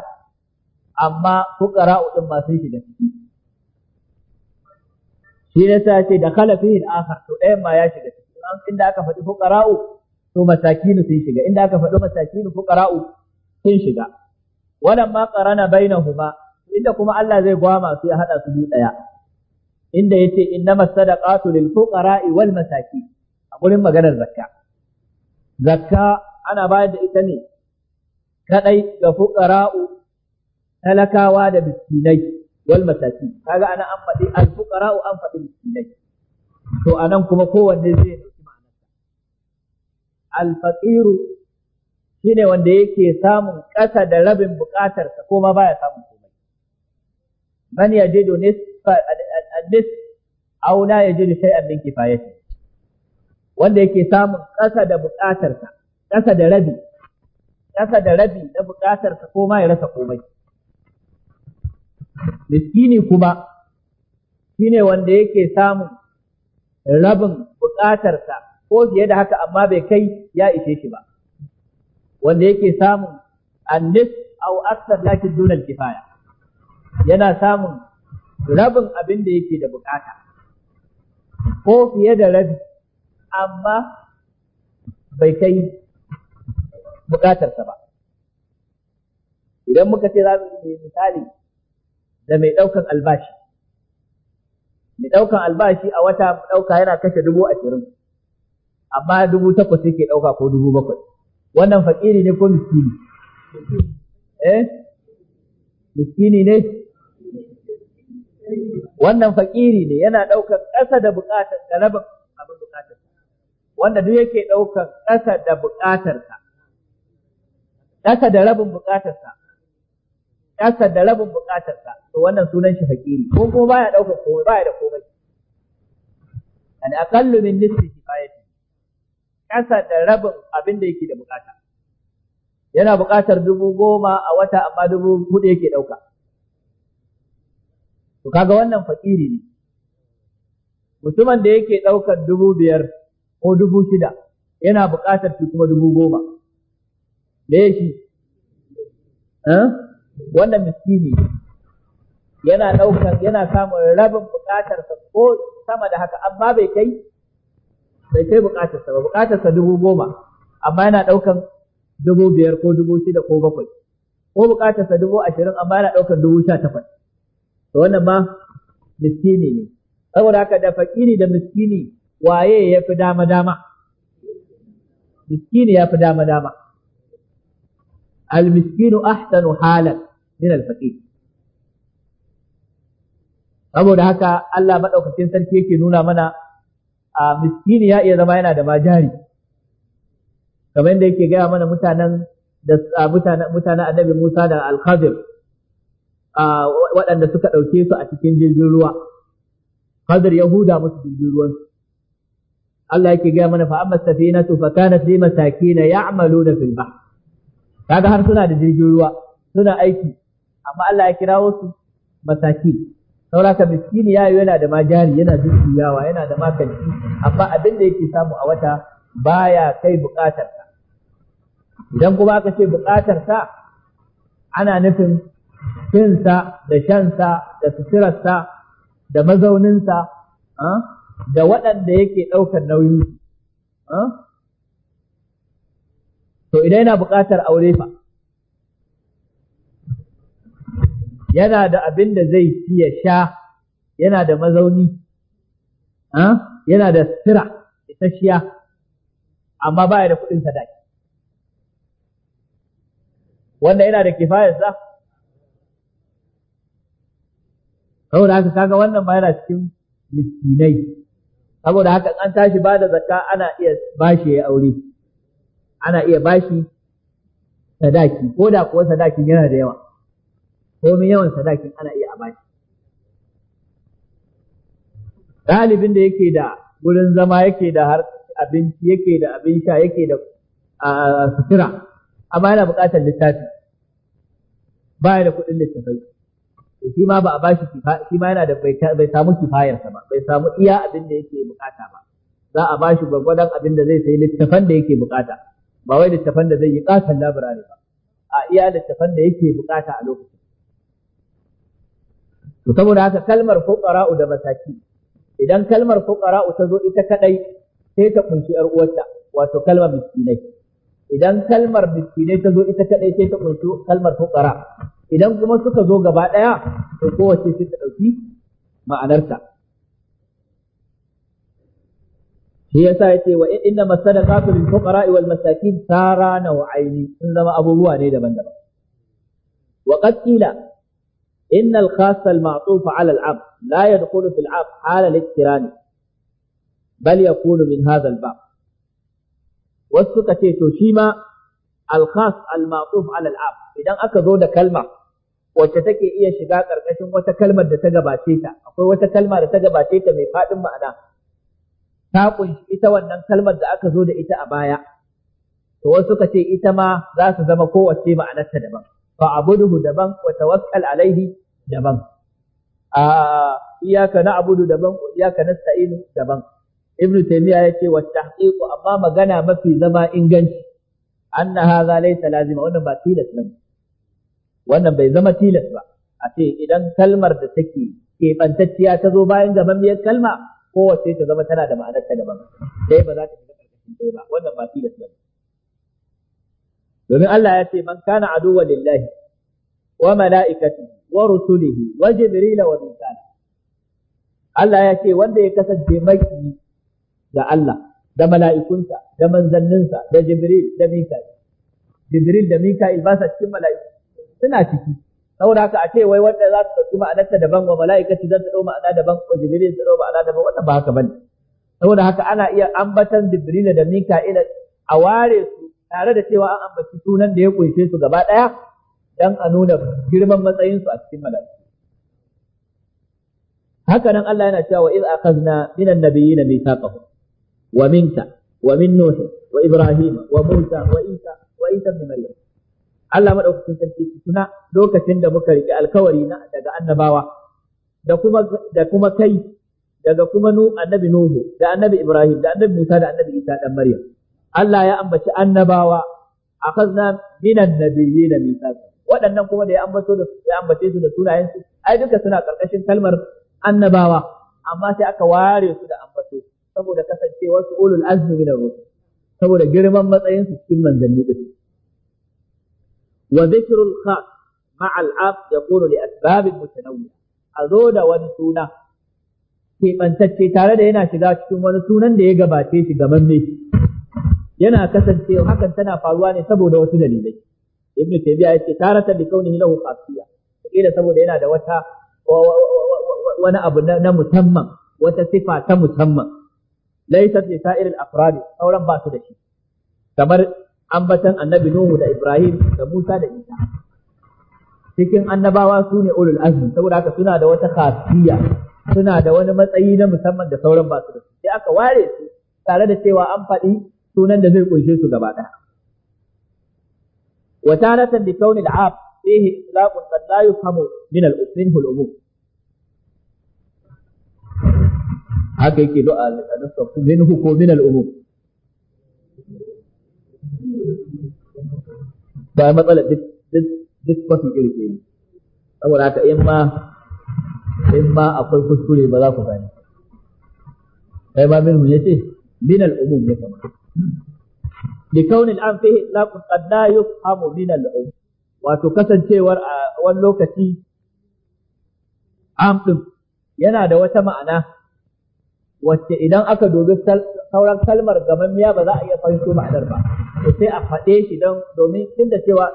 amma fuqara din ma sun shiga ciki shi ne ta da kala fihi al to ɗayan ma ya shiga ciki inda aka faɗi fuqara'u to masakinu sun shiga inda aka faɗi masakinu fuqara'u sun shiga wannan ma qarana bainahuma inda kuma Allah zai gwama su ya haɗa su biyu ɗaya. inda yace innama sadaqatu lil fuqara'i wal masakin a gurin maganar zakka zakka ana bayar da ita ne kadai ga fuqara'u talakawa da miskinai wal masakin kaga ana an faɗi al fuqara'u an faɗi miskinai to anan kuma kowanne zai dauki ma'anarsa al faqiru shine wanda yake samun ƙasa da rabin sa, ko ma baya samun komai man yajidu nisfa mis aw la yajidu shay'an min kifayati wanda yake samun ƙasa da buƙatarsa ƙasa da rabi ƙasa da rabi na buƙatarsa ko ma ya rasa komai miskini kuma shine wanda yake samun rabin buƙatarsa ko fiye da haka amma bai kai ya ishe shi ba wanda yake samun annis au aksar lakin dunal kifaya yana samun rabin abin da yake da bukata ko fiye da rabi amma bai kai bukatarsa ba idan muka ce za mu yi misali da mai ɗaukan albashi mai ɗaukan albashi a wata ɗauka yana kashe dubu ashirin amma dubu takwas yake ɗauka ko dubu bakwai wannan fakiri ne ko miskini eh miskini ne wannan fakiri ne yana ɗaukar ƙasa da buƙatar da rabin abin buƙatar wanda duk yake ɗaukar ƙasa da buƙatarsa ƙasa da rabin buƙatarsa ƙasa da rabin buƙatarsa to wannan sunan shi fakiri ko kuma baya ɗaukar komai baya da komai an aqallu min nisfi kifayati ƙasa da rabin abin da yake da buƙata yana buƙatar dubu goma a wata amma dubu hudu yake ɗauka to kaga wannan fakiri ne mutumin da yake ɗaukar dubu biyar ko dubu shida yana buƙatar shi kuma dubu goma da ya shi eh? wannan miskini yana daukar yana samun rabin buƙatar sa ko sama da haka amma bai kai bai kai buƙatar sa, ba buƙatar sa dubu goma amma yana ɗaukar dubu biyar ko dubu shida ko bakwai ko buƙatar sa dubu ashirin amma yana ɗaukar dubu sha takwas to wannan ma miskini ne saboda haka da fakiri da miskini waye ya fi dama dama miskini ya fi dama dama almiskinu ahsanu halan min alfaqir saboda haka Allah madaukakin sarki yake nuna mana a miskini ya iya zama yana da majari kamar yadda yake gaya mana mutanen da mutanen annabi Musa da Al-Khadir waɗanda suka ɗauke su a cikin jirgin ruwa hazar yahuda musu jirgin ruwan Allah yake gaya mana fa amma safinatu fa kanat li masakin ya'maluna fil bahr kaga har suna da jirgin ruwa suna aiki amma Allah ya wasu masaki masakin sauraka miskini ya yana da ma jari yana zuciyawa yana da ma kanti amma abin da yake samu a wata baya kai bukatarsa idan kuma aka ce ta, ana nufin cinsa da shansa da suturarsa da mazauninsa da waɗanda yake ɗaukar nauyi to idan yana buƙatar aure fa yana da abin da zai ci ya sha yana da mazauni yana da sutura shiya, amma baya da kuɗin sadaki wanda yana da kifayarsa saboda haka kaga wannan ba yana cikin miskinai saboda haka an tashi ba da zakka ana iya bashi ya aure ana iya bashi sadaki ko da kuwa sadakin yana da yawa ko komin yawan sadakin ana iya a bashi ɗalibin da yake da wurin zama yake da har abinci yake da abin sha yake da sutura amma yana buƙatar littafi ba da kuɗin littafai shi ma ba a bashi shi ma yana da bai samu kifayarsa ba bai samu iya abin da yake bukata ba za a bashi gwagwadon abin da zai sayi littafan da yake bukata ba wai littafan da zai yi katon labirare ba a iya littafan da yake bukata a lokacin to saboda haka kalmar fuqara'u da masaki idan kalmar fuqara'u ta zo ita kadai sai ta kunshi yar uwarta wato kalmar miskinai idan kalmar miskinai ta zo ita kadai sai ta kunshi kalmar fuqara'u idan kuma suka zo gaba ɗaya to kowace sai ta ɗauki ma'anarta shi yasa ce wa inna masadaqatu lil fuqara wal masakin tara nau'aini sun zama abubuwa ne daban-daban wa qad qila inna al khassa al ma'tuf la yadkhulu fil 'am 'ala bal yakunu min hadha ba. wasu suka ce to shi ma al-khas al ala al-am idan aka zo da kalma wacce take iya shiga ƙarƙashin wata kalmar da ta gabace ta akwai wata kalma da ta gabace ta mai faɗin ma'ana ta kunshi ita wannan kalmar da aka zo da ita a baya to wasu suka ce ita ma za su zama kowace ma'anarta daban fa abuduhu daban wa tawakkal alaihi daban a iyaka na abudu daban wa iyaka nasta'inu daban ibnu taymiya yace wa tahqiqu amma magana mafi zama inganci anna hadha laysa lazima wannan ba tilas ba. wannan bai zama tilas ba a ce idan kalmar da take keɓantacciya ta zo bayan gamammiyar kalma kowace ta zama tana da ma'anar ta daban dai ba za ta shiga ƙarƙashin dai ba wannan ba tilas ba. domin Allah ya ce man kana aduwa lillahi wa mala'ikati wa rusulihi wa jibril wa mika'il Allah ya ce wanda ya kasance maki ga Allah da mala'ikunsa da manzanninsa da jibril da mika'il jibril da mika'il ba sa cikin mala'iku suna ciki saboda haka a ce wai wanda za su dauki ma'anarta daban wa mala'ikati zan ta ma'ana daban wa jibril ta dau ma'ana daban wannan ba haka bane saboda haka ana iya ambatan jibril da mika'il a ware su tare da cewa an ambaci sunan da ya kunshe su gaba daya dan a nuna girman matsayin su a cikin mala'iku haka nan Allah yana cewa wa iz akhadna minan nabiyina mithaqahum ومنك ومن نوح وإبراهيم وموسى وإيسى وإيسى بن مريم Allah madaukakin sarki tuna lokacin da muka riƙe alkawari na daga annabawa da kuma kai daga kuma nu annabi Nuhu da annabi Ibrahim da annabi Musa da annabi Isa dan Maryam Allah ya ambaci annabawa akhazna minan nabiyyin mithaq waɗannan kuma da ya ambato da ya ambace su da sunayensu. ai duka suna ƙarƙashin kalmar annabawa amma sai aka ware su da saboda kasancewar su ulul azmi min ar saboda girman matsayin su cikin manzanni din wa dhikrul khas ma'a al-ab yakunu li asbab mutanawwi'a a da wani suna keɓantacce tare da yana shiga cikin wani sunan da ya gabace shi gaban ne yana kasancewa hakan tana faruwa ne saboda wasu dalilai ibn taymiya yace tarata bi kaunihi lahu khasiyya kila saboda yana da wata wani abu na musamman wata sifa ta musamman laysat li sa'iril afrad sauran ba su da shi kamar ambatan annabi nuhu da ibrahim da musa da isa cikin annabawa su ne ulul azmi saboda haka suna da wata khasiyya suna da wani matsayi na musamman da sauran ba su da shi sai aka ware su tare da cewa an faɗi sunan da zai kunshe su gaba ɗaya وتارة بكون العاب فيه إطلاق قد لا يفهم من الأمور haka yake du'a da nasafu minhu ko min al-umum ba matsala duk duk duk iri kirke ne saboda haka in ma in ma akwai kuskure ba za ku gani Sai ma minhu yace min al-umum ya kama لكون الآن فيه ku قد لا يفهم من الأم Wato kasancewar a wani lokaci am ɗin yana da wata ma'ana wacce idan aka dubi sauran kalmar gamammiya ba za a iya fahimto ma'anar ba to sai a faɗe shi don domin tun da cewa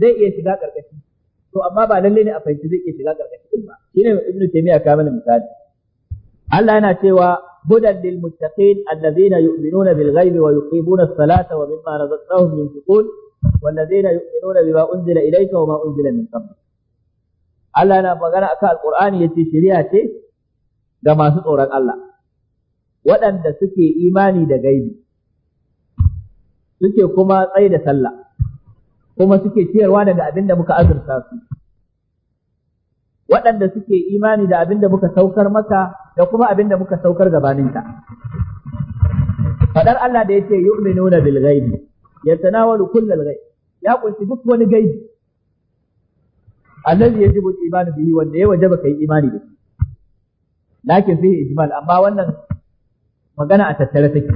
zai iya shiga ƙarƙashi to amma ba lalle ne a fahimci zai iya shiga ƙarƙashi din ba ne ibnu taymiya ka mana misali Allah yana cewa hudan lil muttaqin alladhina yu'minuna bil ghaibi wa yuqimuna as-salata wa mimma razaqnahum yunfiqun yu'minuna bima unzila ilayka wa ma unzila min qabl Allah na magana akan alqur'ani yace shari'a ce ga masu tsoron Allah waɗanda suke imani da gaibi suke kuma tsaye da sallah kuma suke ciyarwa daga abin da muka azurta su waɗanda suke imani da abin da muka saukar maka da kuma abin da muka saukar gabaninta fadar Allah da yake yu'minuna bil ghaibi tanawalu kullal ghaib ya kunshi duk wani gaibi annabi ya al imani bihi wanda ya wajaba kai imani da shi lakin fi ijmal amma wannan magana a tattare take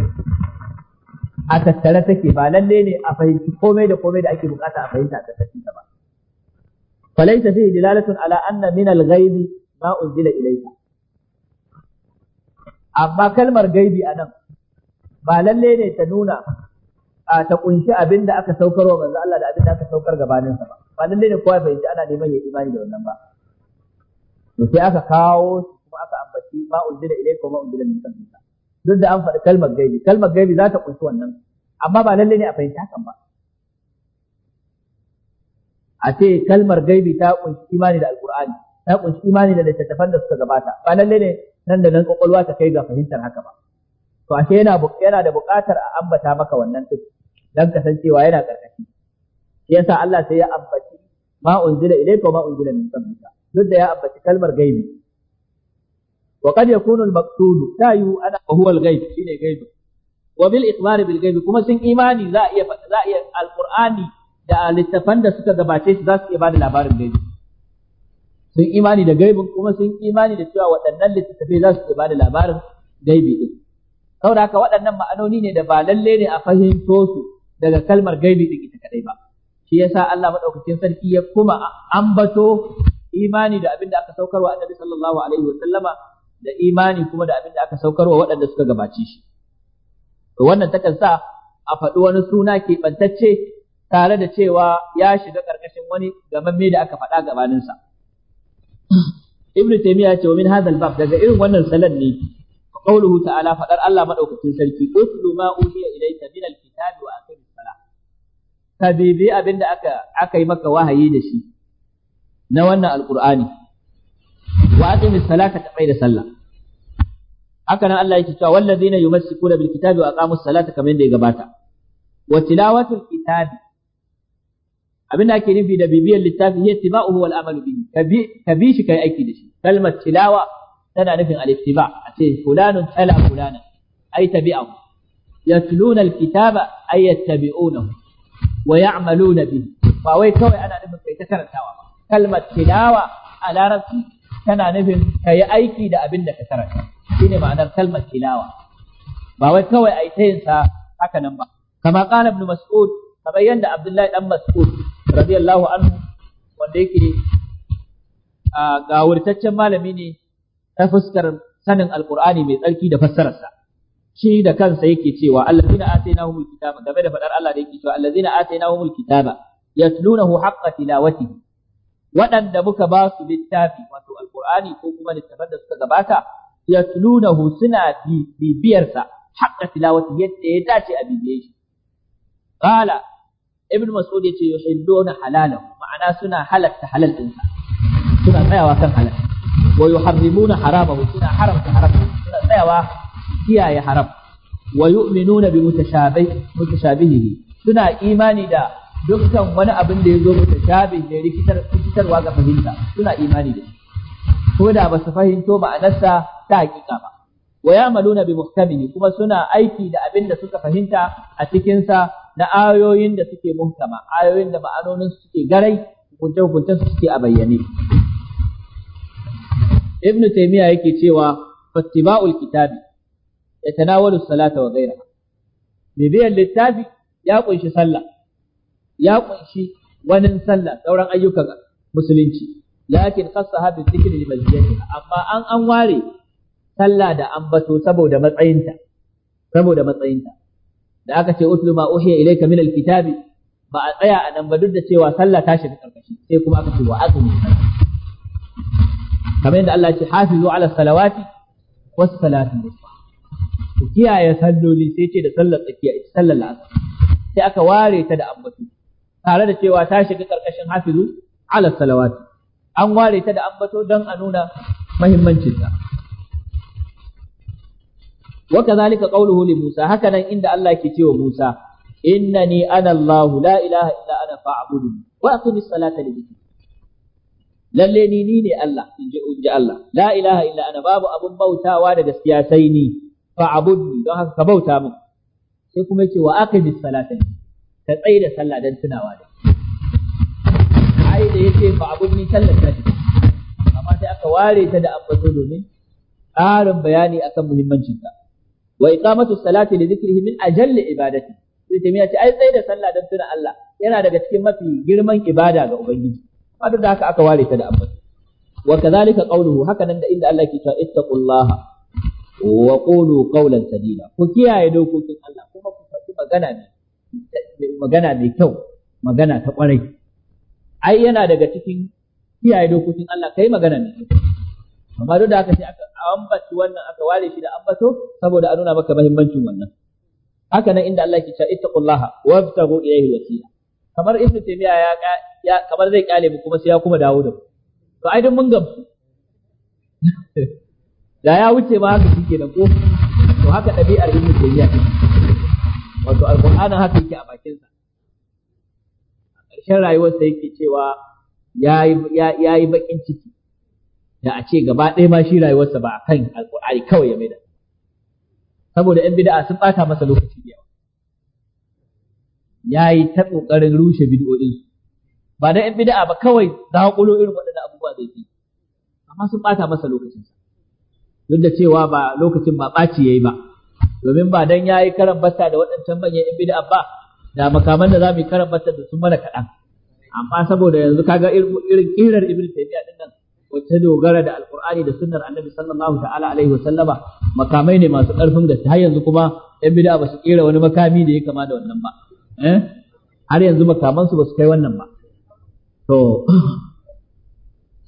a tattare take ba lalle ne a fahimci komai da komai da ake bukata a fahimta a tattare ba falaysa fihi dilalatun ala anna min al-ghaibi ma unzila ilayka amma kalmar gaibi anan ba lalle ne ta nuna a ta kunshi abin da aka saukar wa manzo Allah da abin da aka saukar gabanin sa ba ba lalle ne kowa fahimci ana neman ya imani da wannan ba to sai aka kawo kuma aka ambaci ma unzila ilayka ma unzila min qablika duk da an faɗi kalmar gaibi kalmar gaibi za ta kunshi wannan amma ba lalle ne a fahimci hakan ba a ce kalmar gaibi ta kunshi imani da Alƙur'ani, ta kunshi imani da littattafan da suka gabata ba lalle ne nan da nan kwakwalwa ta kai ga fahimtar haka ba to a ce yana da buƙatar a ambata maka wannan duk dan kasancewa yana karkashi shi yasa Allah sai ya ambaci ma unzila ilayka ma unzila min qablika duk da ya ambaci kalmar gaibi wa qad yakunu al-maqsud ta yu ana wa huwa al-ghaib shine gaibi wa bil ikhbar bil gaibi kuma sun imani za iya za da littafan da suka gabace shi za su iya bada labarin gaibi sun imani da gaibin kuma sun imani da cewa waɗannan littattafai za su iya bada labarin gaibi din saboda haka waɗannan ma'anoni ne da ba lalle ne a fahimto su daga kalmar gaibi din ita kadai ba shi yasa Allah madaukakin sarki ya kuma ambato imani da abin da aka saukarwa annabi sallallahu alaihi wa sallama da imani kuma da abin da aka saukarwa waɗanda suka gabace shi to wannan takan sa a faɗi wani suna keɓantacce tare da cewa ya shiga ƙarƙashin wani gamamme da aka faɗa gabaninsa ibnu taymiya ce wa min hadha bab daga irin wannan salan ne qawluhu ta'ala faɗar Allah madaukakin sarki utlu ma uhiya ilayka min alkitabi wa aqimis ka bibi abinda aka aka yi maka wahayi da shi na wannan alqur'ani wa aqimi salata ka da sallah haka nan Allah yake cewa wallazina yumassikuna bil kitabi wa aqamu salata kamar yadda ya gabata wa tilawatul kitabi abin da ake nufi da bibiyar littafi ya tiba'uhu wal amalu bihi ka bi shi kai aiki da shi kalmar tilawa tana nufin al-ittiba a ce fulanun tala fulanan ay tabi'ahu yatluna al-kitaba ay yattabi'unahu wa ya'maluna bihi ba wai kawai ana nufin kai ta karantawa ba kalmar tilawa a larabci tana nufin ka yi aiki da abin da ka karanta shine ma'anar kalmar tilawa ba wai kawai a ai tayin sa haka nan ba kama qala ibn mas'ud kamar yanda abdullahi dan mas'ud radiyallahu anhu wanda yake a gawurtaccen malami ne ta fuskar sanin alqur'ani mai tsarki da fassararsa shi da kansa yake cewa allazina atainahumul kitaba game da fadar Allah da yake cewa allazina atainahumul kitaba yatlunahu haqqa tilawatihi waɗanda muka ba su littafi wato alqur'ani ko kuma littafan da suka gabata yatlunahu suna bibiyarsa haqqa tilawati yadda ya dace a bibiye shi qala ibn mas'ud yace yuhilluna halalahu ma'ana suna halatta halal dinsa suna tsayawa kan halal wa yuharrimuna harama suna haramta haramta suna tsayawa kiyaye haram wa yu'minuna bi mutashabihi suna imani da dukkan wani abin da ya zo mu tashabi da rikitar rikitarwa ga fahimta suna imani da ko da ba su fahimto ma'anarsa ta hakika ba wa yamaluna bi muhkamihi kuma suna aiki da abin da suka fahimta a cikin sa na ayoyin da suke muhkama ayoyin da ma'anonin su suke garai hukunce hukuncen su suke a bayyane ibnu taymiya yake cewa fattiba'ul kitabi yatanawalu salata wa ghayraha bibiyan littafi ya kunshi sallah ya kunshi wani sallah sauran ayyukan musulunci lakin khassaha bi dhikri li maziyatiha amma an an ware sallah da ambato saboda matsayinta saboda matsayinta da aka ce utlu ma uhiya ilayka min alkitabi ba a tsaya a nan ba duk da cewa sallah ta shiga karkashi sai kuma aka ce wa azumi kamar yadda Allah ce hafizu ala salawati was salati ku kiyaye salloli sai ce da sallar tsakiya sallar la'asar sai aka ware ta da ambato tare da cewa ta shiga ƙarƙashin hafizu ala salawat an ware ta da ambato don a nuna mahimmancinta. wa kadhalika qawluhu li Musa Hakanan, inda Allah ke cewa Musa innani ana Allah la ilaha illa ana fa'budu wa aqimis salata li lalle ni ni ne Allah inji inji Allah la ilaha illa ana babu abun bautawa da gaskiya sai ni fa'budni don haka ka bauta min sai kuma yace wa aqimis salata li ta tsaye da sallah don tunawa da ai da yace fa abun ni sallar ta amma sai aka ware ta da ambato domin ƙarin bayani akan muhimmancin ta wa iqamatu salati li dhikrihi min ajalli ibadati sai ta miya ce ai tsaye da sallah don tuna Allah yana daga cikin mafi girman ibada ga ubangiji ba da haka aka ware ta da ambato wa kadhalika qawluhu haka nan da inda Allah ke cewa ittaqullaha wa qulu qawlan sadida ku kiyaye dokokin Allah kuma ku faɗi magana ne magana mai kyau magana ta ƙwarai. ai yana daga cikin kiyaye dokokin Allah kai magana mai kyau amma duk da haka sai aka ambaci wannan aka ware shi da ambato saboda a nuna maka muhimmancin wannan haka nan inda Allah ke cewa ittaqullaha wabtaghu ilayhi wasila kamar ibnu taymiya ya, ya kamar zai kyale mu kuma sai ya kuma dawo da mu to ai duk mun gamsu da ya wuce ma haka kike da ko to haka ɗabi'ar ibnu taymiya take wato alqur'anin haka yake a bakin sa a ƙarshen rayuwarsa yake cewa yayi yayi bakin ciki da a ce gaba ɗaya ma shi rayuwarsa ba kan alƙur'ani kawai ya maida saboda yan bid'a sun ɓata masa lokaci da yawa yayi ta kokarin rushe bid'o'in su ba da yan bid'a ba kawai za kulo irin waɗannan abubuwa zai yi amma sun ɓata masa lokacinsa duk da cewa ba lokacin ba ɓaci yayi ba domin ba dan yayi karan bata da waɗancan manyan yan bid'a ba da makaman da zamu yi karan bata da sun mana kaɗan amma saboda yanzu kaga irin kirar ibnu taymiya din nan wacce dogara da alqur'ani da sunnar annabi sallallahu ta'ala alaihi wa sallama makamai ne masu ƙarfin gaske har yanzu kuma yan bid'a ba su kira wani makami da ya kama da wannan ba eh har yanzu makaman su ba su kai wannan ba to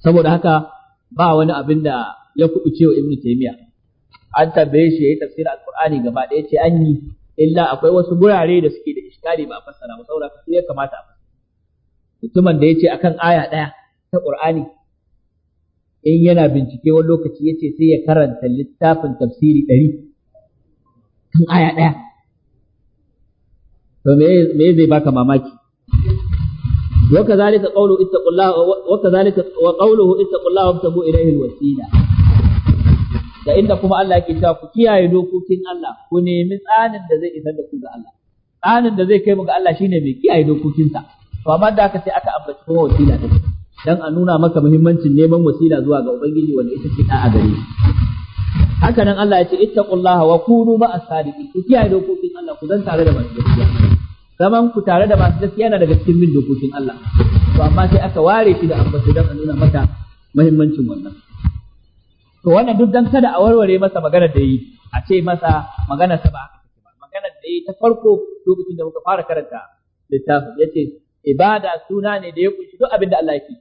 saboda haka ba wani abin da ya kuɓuce wa ibnu taymiya an tambaye shi ya yi tafsirin Alƙur'ani gaba ɗaya ce an yi illa akwai wasu gurare da suke da iskali ba a fassara ba saboda su ya kamata a fassara mutumin da ya ce akan aya ɗaya ta qur'ani in yana bincike wani lokaci ya ce sai ya karanta littafin tafsiri ɗari kan aya ɗaya to me zai baka mamaki وكذلك قوله اتقوا الله وكذلك وقوله اتقوا الله وابتغوا اليه الوسيله da inda kuma Allah yake cewa ku kiyaye dokokin Allah ku nemi tsanin da zai isar da ku ga Allah tsanin da zai kai mu ga Allah shine mai kiyaye dokokinsa to amma da aka sai aka ambaci kuma wasila ta dan a nuna maka muhimmancin neman wasila zuwa ga ubangiji wanda ita ce da'a gare haka nan Allah ya ce ittaqullaha wa kunu ma'as sadiqin ku kiyaye dokokin Allah ku zan tare da masu gaskiya zaman ku tare da masu gaskiya yana daga cikin bin dokokin Allah to amma sai aka ware shi da ambaci dan a nuna maka muhimmancin wannan to wannan duk dan kada a warware masa maganar da yi a ce masa maganar sa ba haka take ba maganar da yi ta farko lokacin da muka fara karanta littafin yace ibada suna ne da ya kunshi duk abin da Allah yake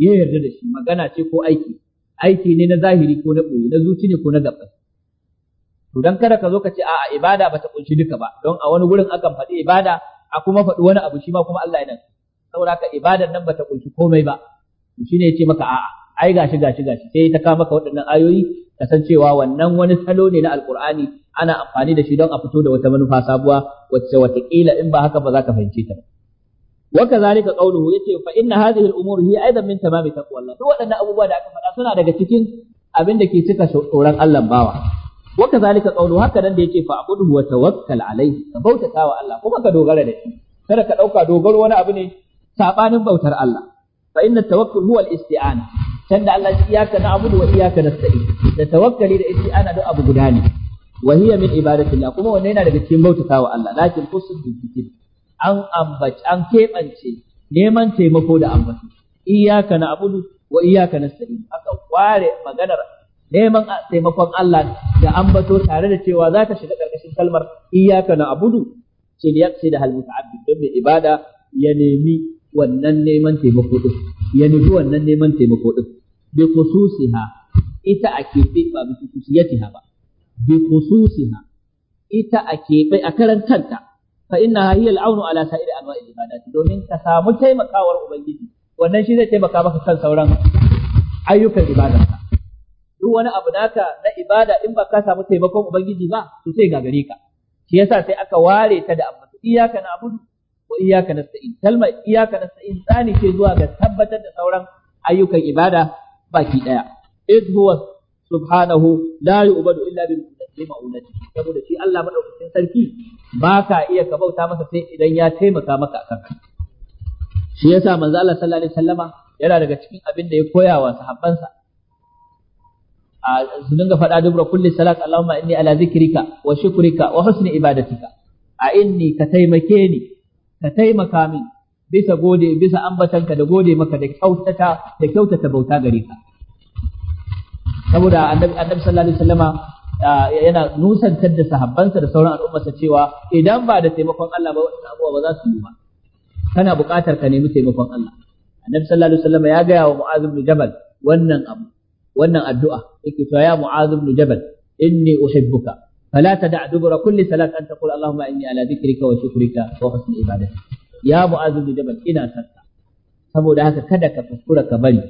ya yarda da shi magana ce ko aiki aiki ne na zahiri ko na ɓoye na zuci ne ko na gaba to dan kada ka zo ka ce a'a ibada bata kunshi duka ba don a wani wurin akan faɗi ibada a kuma faɗi wani abu shi ma kuma Allah yana saboda ka ibadar nan bata kunshi komai ba ne ya ce maka a'a ai gashi gashi gashi sai ta kawo maka waɗannan ayoyi kasancewa wannan wani salo ne na alqur'ani ana amfani da shi don a fito da wata manufa sabuwa wacce watakila in ba haka ba za ka fahimce ta wa kazalika qawluhu yace fa inna hadhihi al-umur hiya aidan min tamami taqwallah duk waɗannan abubuwa da aka faɗa suna daga cikin abin da ke cika tsoron Allah bawa wa kazalika qawluhu haka nan da yace fa abuduhu wa tawakkal alayhi ka bautata wa Allah kuma ka dogara da shi kada ka ɗauka, dogaro wani abu ne sabanin bautar Allah fa tawakkul huwa istiana can Allah ya iyaka na abudu wa iyaka na Sa'i. da tawakkali da ita ana da abu guda ne wa hiya min ibadatillah kuma wannan yana daga cikin bautata wa Allah lakin qusul bil zikr an ambaci an kebance neman taimako da ambaci iyaka na abudu wa iyaka na Sa'i aka ware maganar neman taimakon Allah da ambato tare da cewa za ta shiga karkashin kalmar iyaka na abudu sai da sai da hal muta'abbid don mai ibada ya nemi wannan neman taimako din ya nufi wannan neman taimako din bi khususiha ita a keɓe ba bi khususiyatiha ba bi khususiha ita a keɓe a karan kanta fa inna hiya al-aunu ala sa'iri anwa'il ibadati domin ka samu taimakawar ubangiji wannan shi zai taimaka maka kan sauran ayyukan ibadarka duk wani abu naka na ibada in ba ka samu taimakon ubangiji ba to sai gagare ka shi yasa sai aka ware ta da abu iyyaka na'budu wa iyyaka nasta'in kalmar iyyaka nasta'in tsani ce zuwa ga tabbatar da sauran ayyukan ibada baki daya id huwa subhanahu la yu'badu illa bil ma'unati saboda shi Allah madaukakin sarki ba ka iya ka bauta masa sai idan ya taimaka maka akan shi yasa manzo Allah sallallahu alaihi wasallama yana daga cikin abin da ya koya wa sahabbansa a su dinga faɗa dubra kulli salat Allahumma inni ala zikrika wa shukrika wa husni ibadatika a inni ka taimake ni ka taimaka min bisa gode bisa ambatanka da gode maka da kyautata da kyautata bauta gare ka saboda annabi annabi sallallahu alaihi wasallama yana nusantar da sahabbansa da sauran al'ummarsa cewa idan ba da taimakon Allah ba wannan abubuwa ba za su yi ba kana buƙatar ka nemi taimakon Allah annabi sallallahu alaihi wasallama ya gaya wa mu'az ibn jabal wannan abu wannan addu'a yake cewa ya mu'az ibn jabal inni uhibbuka فلا تدع دبر كل صلاة أن تقول اللهم إني على ذكرك وشكرك وحسن عبادتك ya mu'azu bin jabal ina sarka saboda haka kada ka kuskura ka bari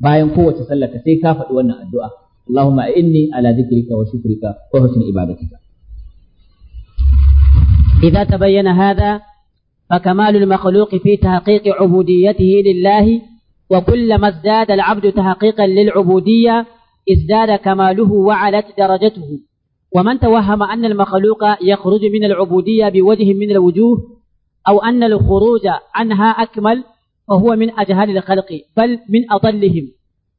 bayan kowace sallah ka sai ka faɗi wannan addu'a Allahumma inni ala zikrika wa shukrika wa husni ibadatika إذا تبين هذا فكمال المخلوق في تحقيق عبوديته لله وكلما ازداد العبد تحقيقا للعبودية ازداد كماله وعلت درجته ومن توهم أن المخلوق يخرج من العبودية بوجه من الوجوه أو أن الخروج عنها أكمل وهو من أجهل الخلق بل من أضلهم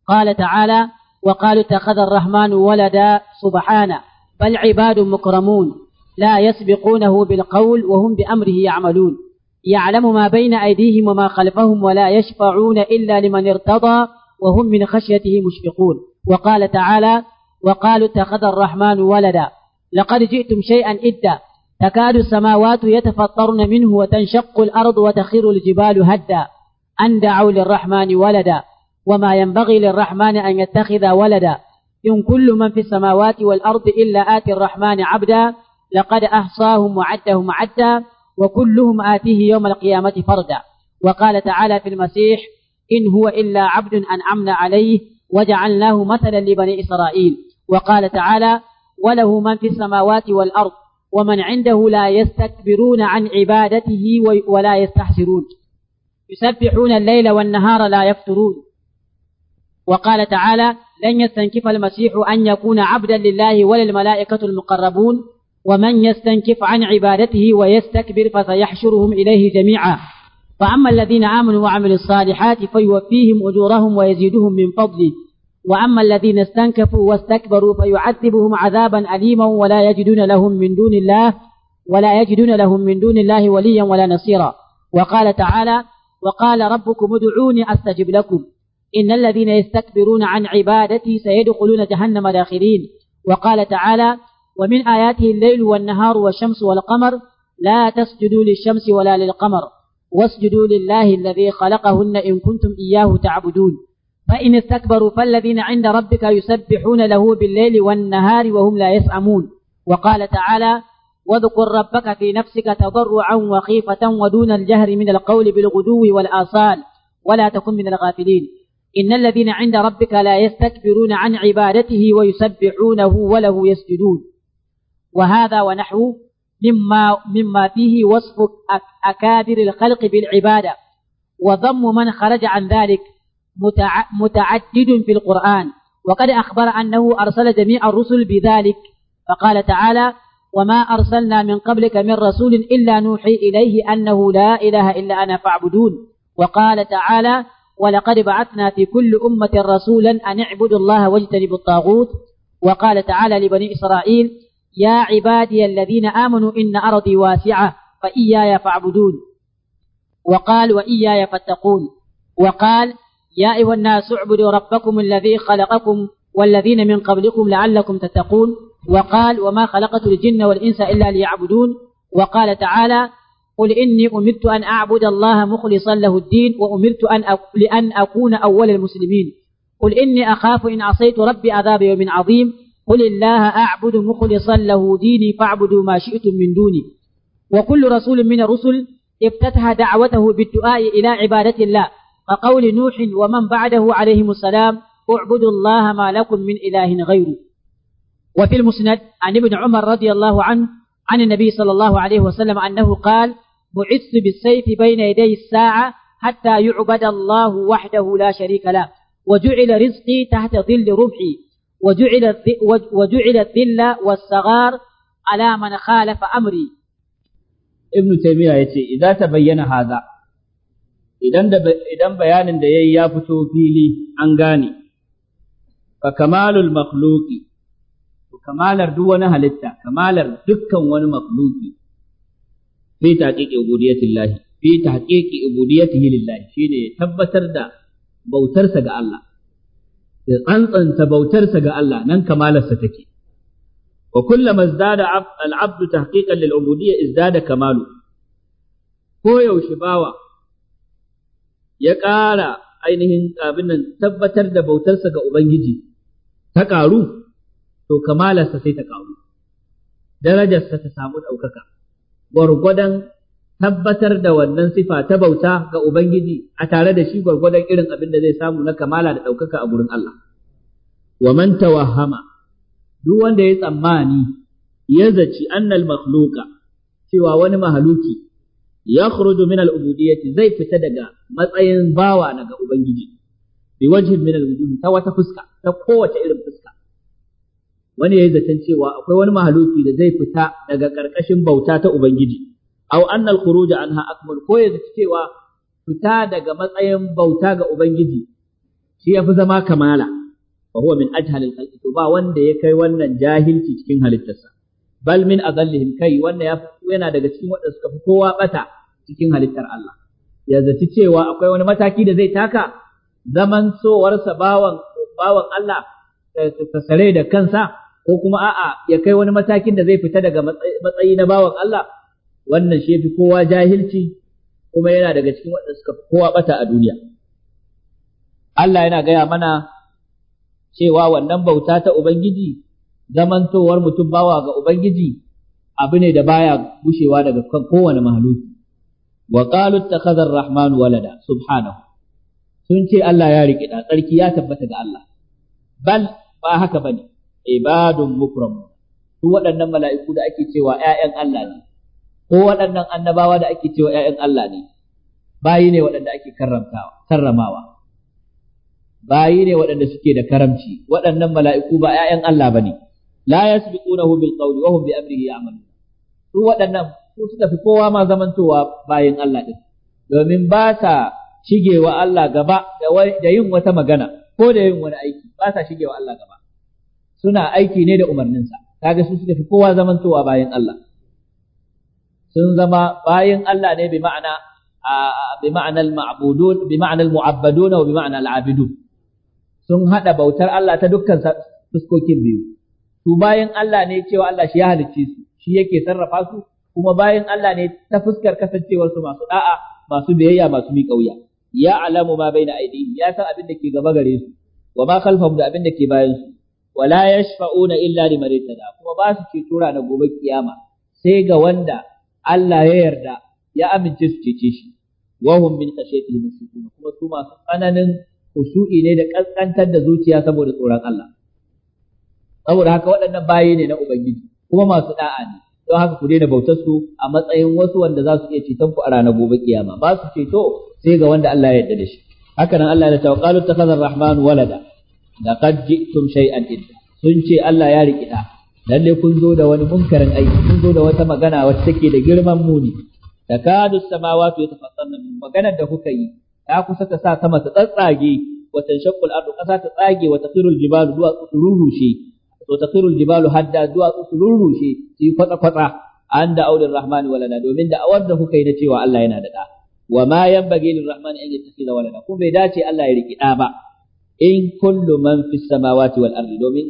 قال تعالى وقالوا اتخذ الرحمن ولدا سبحانه بل عباد مكرمون لا يسبقونه بالقول وهم بأمره يعملون يعلم ما بين أيديهم وما خلفهم ولا يشفعون إلا لمن ارتضى وهم من خشيته مشفقون وقال تعالى وقالوا اتخذ الرحمن ولدا لقد جئتم شيئا إدا تكاد السماوات يتفطرن منه وتنشق الأرض وتخير الجبال هدا أن دعوا للرحمن ولدا وما ينبغي للرحمن أن يتخذ ولدا إن كل من في السماوات والأرض إلا آتي الرحمن عبدا لقد أحصاهم وعدهم عدا وكلهم آتيه يوم القيامة فردا وقال تعالى في المسيح إن هو إلا عبد أنعمنا عليه وجعلناه مثلا لبني إسرائيل وقال تعالى وله من في السماوات والأرض ومن عنده لا يستكبرون عن عبادته ولا يستحسرون يسبحون الليل والنهار لا يفترون وقال تعالى لن يستنكف المسيح أن يكون عبدا لله وللملائكة المقربون ومن يستنكف عن عبادته ويستكبر فسيحشرهم إليه جميعا فأما الذين آمنوا وعملوا الصالحات فيوفيهم أجورهم ويزيدهم من فضله وأما الذين استنكفوا واستكبروا فيعذبهم عذابا أليما ولا يجدون لهم من دون الله ولا يجدون لهم من دون الله وليا ولا نصيرا وقال تعالى وقال ربكم ادعوني أستجب لكم إن الذين يستكبرون عن عبادتي سيدخلون جهنم داخرين وقال تعالى ومن آياته الليل والنهار والشمس والقمر لا تسجدوا للشمس ولا للقمر واسجدوا لله الذي خلقهن إن كنتم إياه تعبدون فإن استكبروا فالذين عند ربك يسبحون له بالليل والنهار وهم لا يسأمون وقال تعالى واذكر ربك في نفسك تضرعا وخيفة ودون الجهر من القول بالغدو والآصال ولا تكن من الغافلين إن الذين عند ربك لا يستكبرون عن عبادته ويسبحونه وله يسجدون وهذا ونحوه مما مما فيه وصف أكابر الخلق بالعبادة وضم من خرج عن ذلك متعدد في القرآن وقد أخبر أنه أرسل جميع الرسل بذلك فقال تعالى وما أرسلنا من قبلك من رسول إلا نوحي إليه أنه لا إله إلا أنا فاعبدون وقال تعالى ولقد بعثنا في كل أمة رسولا أن اعبدوا الله واجتنبوا الطاغوت وقال تعالى لبني إسرائيل يا عبادي الذين آمنوا إن أرضي واسعة فإياي فاعبدون وقال وإياي فاتقون وقال يا أيها الناس اعبدوا ربكم الذي خلقكم والذين من قبلكم لعلكم تتقون وقال وما خلقت الجن والإنس إلا ليعبدون وقال تعالى قل إني أمرت أن أعبد الله مخلصا له الدين وأمرت أن لأن أكون أول المسلمين قل إني أخاف إن عصيت ربي عذاب يوم عظيم قل الله أعبد مخلصا له ديني فاعبدوا ما شئتم من دوني وكل رسول من الرسل افتتح دعوته بالدعاء إلى عبادة الله وقول نوح ومن بعده عليهم السلام اعبدوا الله ما لكم من إله غيره وفي المسند عن ابن عمر رضي الله عنه عن النبي صلى الله عليه وسلم أنه قال بعثت بالسيف بين يدي الساعة حتى يعبد الله وحده لا شريك له وجعل رزقي تحت ظل رمحي وجعل وجعل الذل والصغار على من خالف أمري ابن تيمية إذا تبين هذا idan bayanin da yayi ya fito fili an gane fa kamalul makhluqi kamalar duk wani halitta kamalar dukkan wani makhluqi fi taqiqi ubudiyyatillahi fi tahqiqi ubudiyyatihi lillahi shine ya tabbatar da bautarsa ga Allah ya tsantsanta bautarsa ga Allah nan kamalarsa take wa kullama izdada al-abdu tahqiqan lil ubudiyya izdada kamalu ko yaushe bawa ya ƙara ainihin abin nan tabbatar da bautarsa ga Ubangiji ta ƙaru, to kamalarsa sai ta ƙaru, darajarsa ta samu ɗaukaka, gwargwadon tabbatar da wannan sifa ta bauta ga Ubangiji a tare da shi gwargwadon irin abin da zai samu na kamala da ɗaukaka a gurin Allah. Wa man tawahama duk wanda ya tsammani ya zaci annal makhluka cewa wani mahaluki yakhruju min al-ubudiyyati zai fita daga matsayin bawa daga ubangiji bi wajhin min al-wujuh ta wata fuska ta kowace irin fuska wani yayi zaton cewa akwai wani mahaluki da zai fita daga karkashin bauta ta ubangiji aw anna al-khuruj anha akmal ko yayi cewa fita daga matsayin bauta ga ubangiji shi yafi zama kamala fa huwa min ajhal al-khalqi to ba wanda ya kai wannan jahilci cikin halittarsa bal min adallihim kai wannan ya yana daga cikin waɗanda suka fi kowa ɓata cikin halittar Allah ya zaci cewa akwai wani mataki da zai taka zaman sowarsa bawan bawan Allah sare da kansa ko kuma a'a ya kai wani matakin da zai fita daga matsayi na bawan Allah wannan shi fi kowa jahilci kuma yana daga cikin waɗanda suka fi kowa ɓata a duniya Allah yana gaya mana cewa wannan bauta ta Ubangiji zamantowar mutum bawa ga Ubangiji abu ne da baya gushewa daga kowane mahaluki wa qalu ittakhadha ar-rahman walada subhanahu sun ce Allah ya riƙe da tsarki ya tabbata ga Allah bal ba haka bane ibadun mukram su waɗannan mala'iku da ake cewa ƴaƴan Allah ne ko waɗannan annabawa da ake cewa ƴaƴan Allah ne bayi ne waɗanda ake karramtawa karramawa bayi ne waɗanda suke da karamci waɗannan mala'iku ba ƴaƴan Allah bane la yasbiqunahu bil qawli wa hum bi amrihi ya'malun su waɗannan su suka fi kowa ma zamantowa bayan Allah ɗin domin ba sa shigewa Allah gaba da yin wata magana ko da yin wani aiki ba sa shigewa Allah gaba suna aiki ne da umarninsa kaga su suka fi kowa zamantowa bayan Allah sun zama bayan Allah ne bi ma'ana bi ma'ana al-ma'budun bi ma'ana al-mu'abbadun wa bi ma'ana al-abidun sun hada bautar Allah ta dukkan fuskokin biyu su bayan Allah ne cewa Allah shi ya halicce su shi yake sarrafa su kuma bayan Allah ne ta fuskar kasancewar su masu da'a masu biyayya masu miƙa wuya ya alamu ma baina aidihim ya san abin da ke gaba gare su wa ma khalfahum da abin da ke bayan su wala yashfa'una illa liman irtada kuma ba su ce tura na gobe kiyama sai ga wanda Allah ya yarda ya amince su cece shi wa hum min khashyatihi mushrikuna kuma su masu tsananin khushu'i ne da kaskantar da zuciya saboda tsoron Allah saboda haka waɗannan baya ne na ubangiji kuma masu da'a ne don haka ku daina bautar su a matsayin wasu wanda za su iya ceton ku a ranar gobe kiyama ba su ceto sai ga wanda Allah ya yarda da shi haka nan Allah ya ta qalu takhadha ar-rahman walada laqad ji'tum shay'an idda sun ce Allah ya riki da lalle kun zo da wani munkarin aiki kun zo da wata magana wacce take da girman muni takadu as-samawati yatafattarna min maganar da kuka yi ta kusa ta sa sama ta tsatsage wa tanshaqqu al-ardu qasa ta tsage wa tafiru al-jibalu duwatsu shi? to taqirul jibalu hadda duwatsu su rurrushe su yi kwatsa-kwatsa an da aulin rahmani walada domin da awar da kuka yi na cewa Allah yana da ɗa wa ma yanbaghi lir rahmani an yattakhidha walada kuma bai dace Allah ya riki ɗa ba in kullu man fis samawati wal ardi domin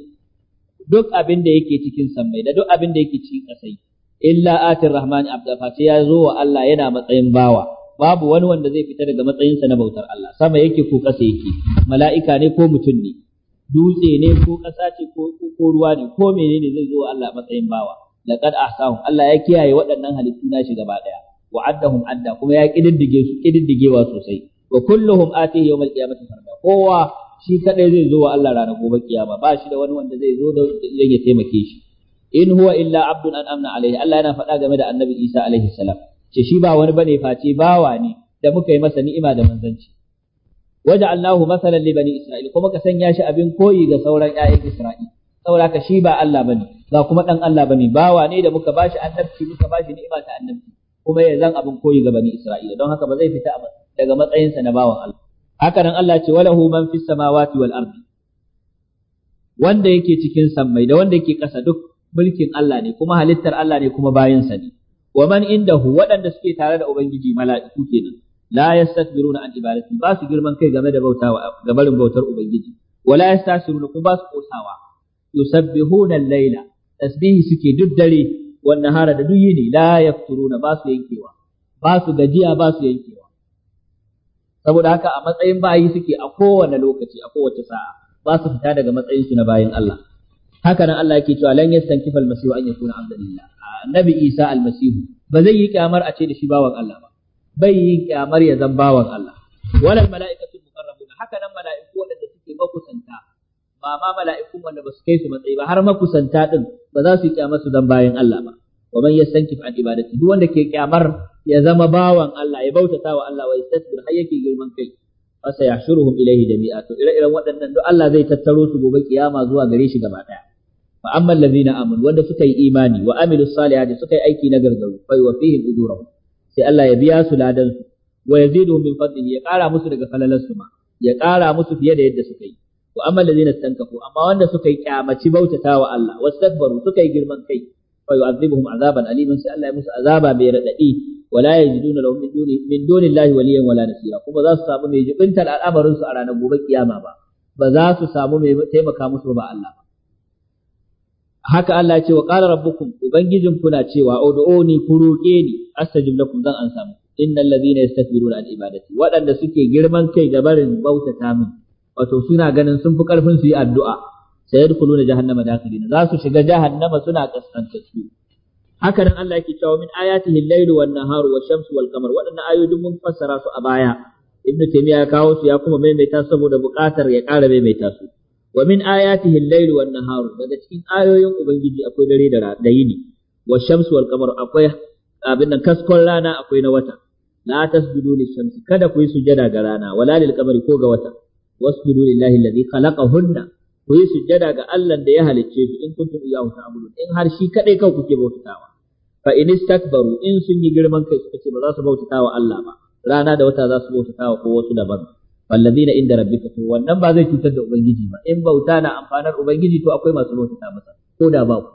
duk abin da yake cikin sammai da duk abin da yake cikin kasai illa atir rahmani abda Fati sai ya zo wa Allah yana matsayin bawa babu wani wanda zai fita daga matsayinsa na bautar Allah sama yake ko kasa yake mala'ika ne ko mutum ne dutse ne ko ƙasa ce ko ruwa ne ko menene zai zo Allah matsayin bawa laqad ahsahum Allah ya kiyaye waɗannan halittu na shi gaba daya wa addahum adda kuma ya kididdige su kididdigewa sosai wa kulluhum ati yawmal qiyamati farda kowa shi kadai zai zo wa Allah ranar gobe kiyama ba shi da wani wanda zai zo da ya taimake shi in huwa illa abdun an amna alaihi Allah yana faɗa game da annabi Isa alaihi salam ce shi ba wani bane face bawa ne da muka yi masa ni'ima da manzanci waja'alnahu masalan li bani isra'il kuma ka sanya shi abin koyi ga sauran ƴaƴan isra'il saboda ka shi ba Allah bane ba kuma dan Allah bane bawa ne da muka bashi annabci muka bashi ni'ima ta annabci kuma ya zan abin koyi ga bani isra'il don haka ba zai fita daga matsayinsa na bawan Allah haka nan Allah ce walahu man fis samawati wal ardi wanda yake cikin sammai da wanda yake ƙasa duk mulkin Allah ne kuma halittar Allah ne kuma bayansa ne wa man indahu waɗanda suke tare da ubangiji mala'iku kenan la yastakbiruna an ibadati ba su girman kai game da bautawa ga barin bautar ubangiji wala yastasiruna kuma ba su kosawa yusabbihuna al-laila tasbihi suke duk dare wan nahara da duk yini la yafturuna ba su yankewa ba su gajiya ba su yankewa saboda haka a matsayin bayi suke a kowane lokaci a kowace sa'a ba su fita daga matsayin su na bayin Allah haka nan Allah yake cewa lan yastankifa al-masihu an yakuna abdan annabi Isa al ba zai yi kyamar a ce da shi bawan Allah ba bai yin kyamar ya zan bawan Allah walal mala'ikatul muqarrabun haka nan mala'iku waɗanda suke makusanta ba ma mala'ikun wanda ba su kai su matsayi ba har makusanta din ba za su yi kyamar su zan bayan Allah ba wa man yastankif an ibadati duk wanda ke kyamar ya zama bawan Allah ya bautata wa Allah wa yastakbir har yake girman kai fa sayahshuruhum ilayhi jami'a to ire-iren waɗannan duk Allah zai tattaro su gobe kiyama zuwa gare shi gaba daya fa amma allazina amanu wanda suka yi imani wa amilus salihati suka yi aiki na gargaru fa yuwafihim ujurahum sai Allah ya biya su ladan su wa yazidu min fadlihi ya ƙara musu daga falalar su ma ya ƙara musu fiye da yadda suka yi wa amma allazina stankafu amma wanda suka yi kyamaci bautata wa Allah wastakbaru suka yi girman kai fa yu'adhibuhum azaban aliman sai Allah ya musu azaba mai radadi wala yajiduna lahum min duni min dunillahi waliyan wala nasira kuma za su samu mai jibintar al'amarin su a ranar gobe kiyama ba ba za su samu mai taimaka musu ba Allah haka Allah ce wa qala rabbukum ubangijin kuna cewa ud'uni ku roƙe ni astajib lakum zan ansa muku innal ladhina yastakbiruna an ibadati waɗanda suke girman kai da barin bautata min wato suna ganin sun fi karfin su yi addu'a sayadkhuluna jahannama dakhilina za su shiga jahannama suna kaskantattu haka nan Allah yake cewa min ayatihi al-lailu wan naharu wash-shamsu wal qamar waɗannan ayoyin mun fassara su a baya ibnu taymiya ya kawo su ya kuma maimaita saboda buƙatar ya ƙara maimaita su wa min ayatihi al-lailu wan naharu daga cikin ayoyin ubangiji akwai dare da yini wash-shamsu wal qamar akwai abin nan kaskon rana akwai na wata la tasjudu lishamsi kada ku yi sujada ga rana wala lil qamari ko ga wata wasjudu lillahi alladhi khalaqahunna ku yi sujada ga Allah da ya halicce su in kuntum iyyahu ta'budun in har shi kadai kawai kuke bautatawa fa in istakbaru in sun yi girman kai suka ce ba za su bautatawa Allah ba rana da wata za su bautatawa ko wasu daban walladina inda rabbika to wannan ba zai cutar da ubangiji ba in bauta na amfanar ubangiji to akwai masu bautata masa ko da ba ku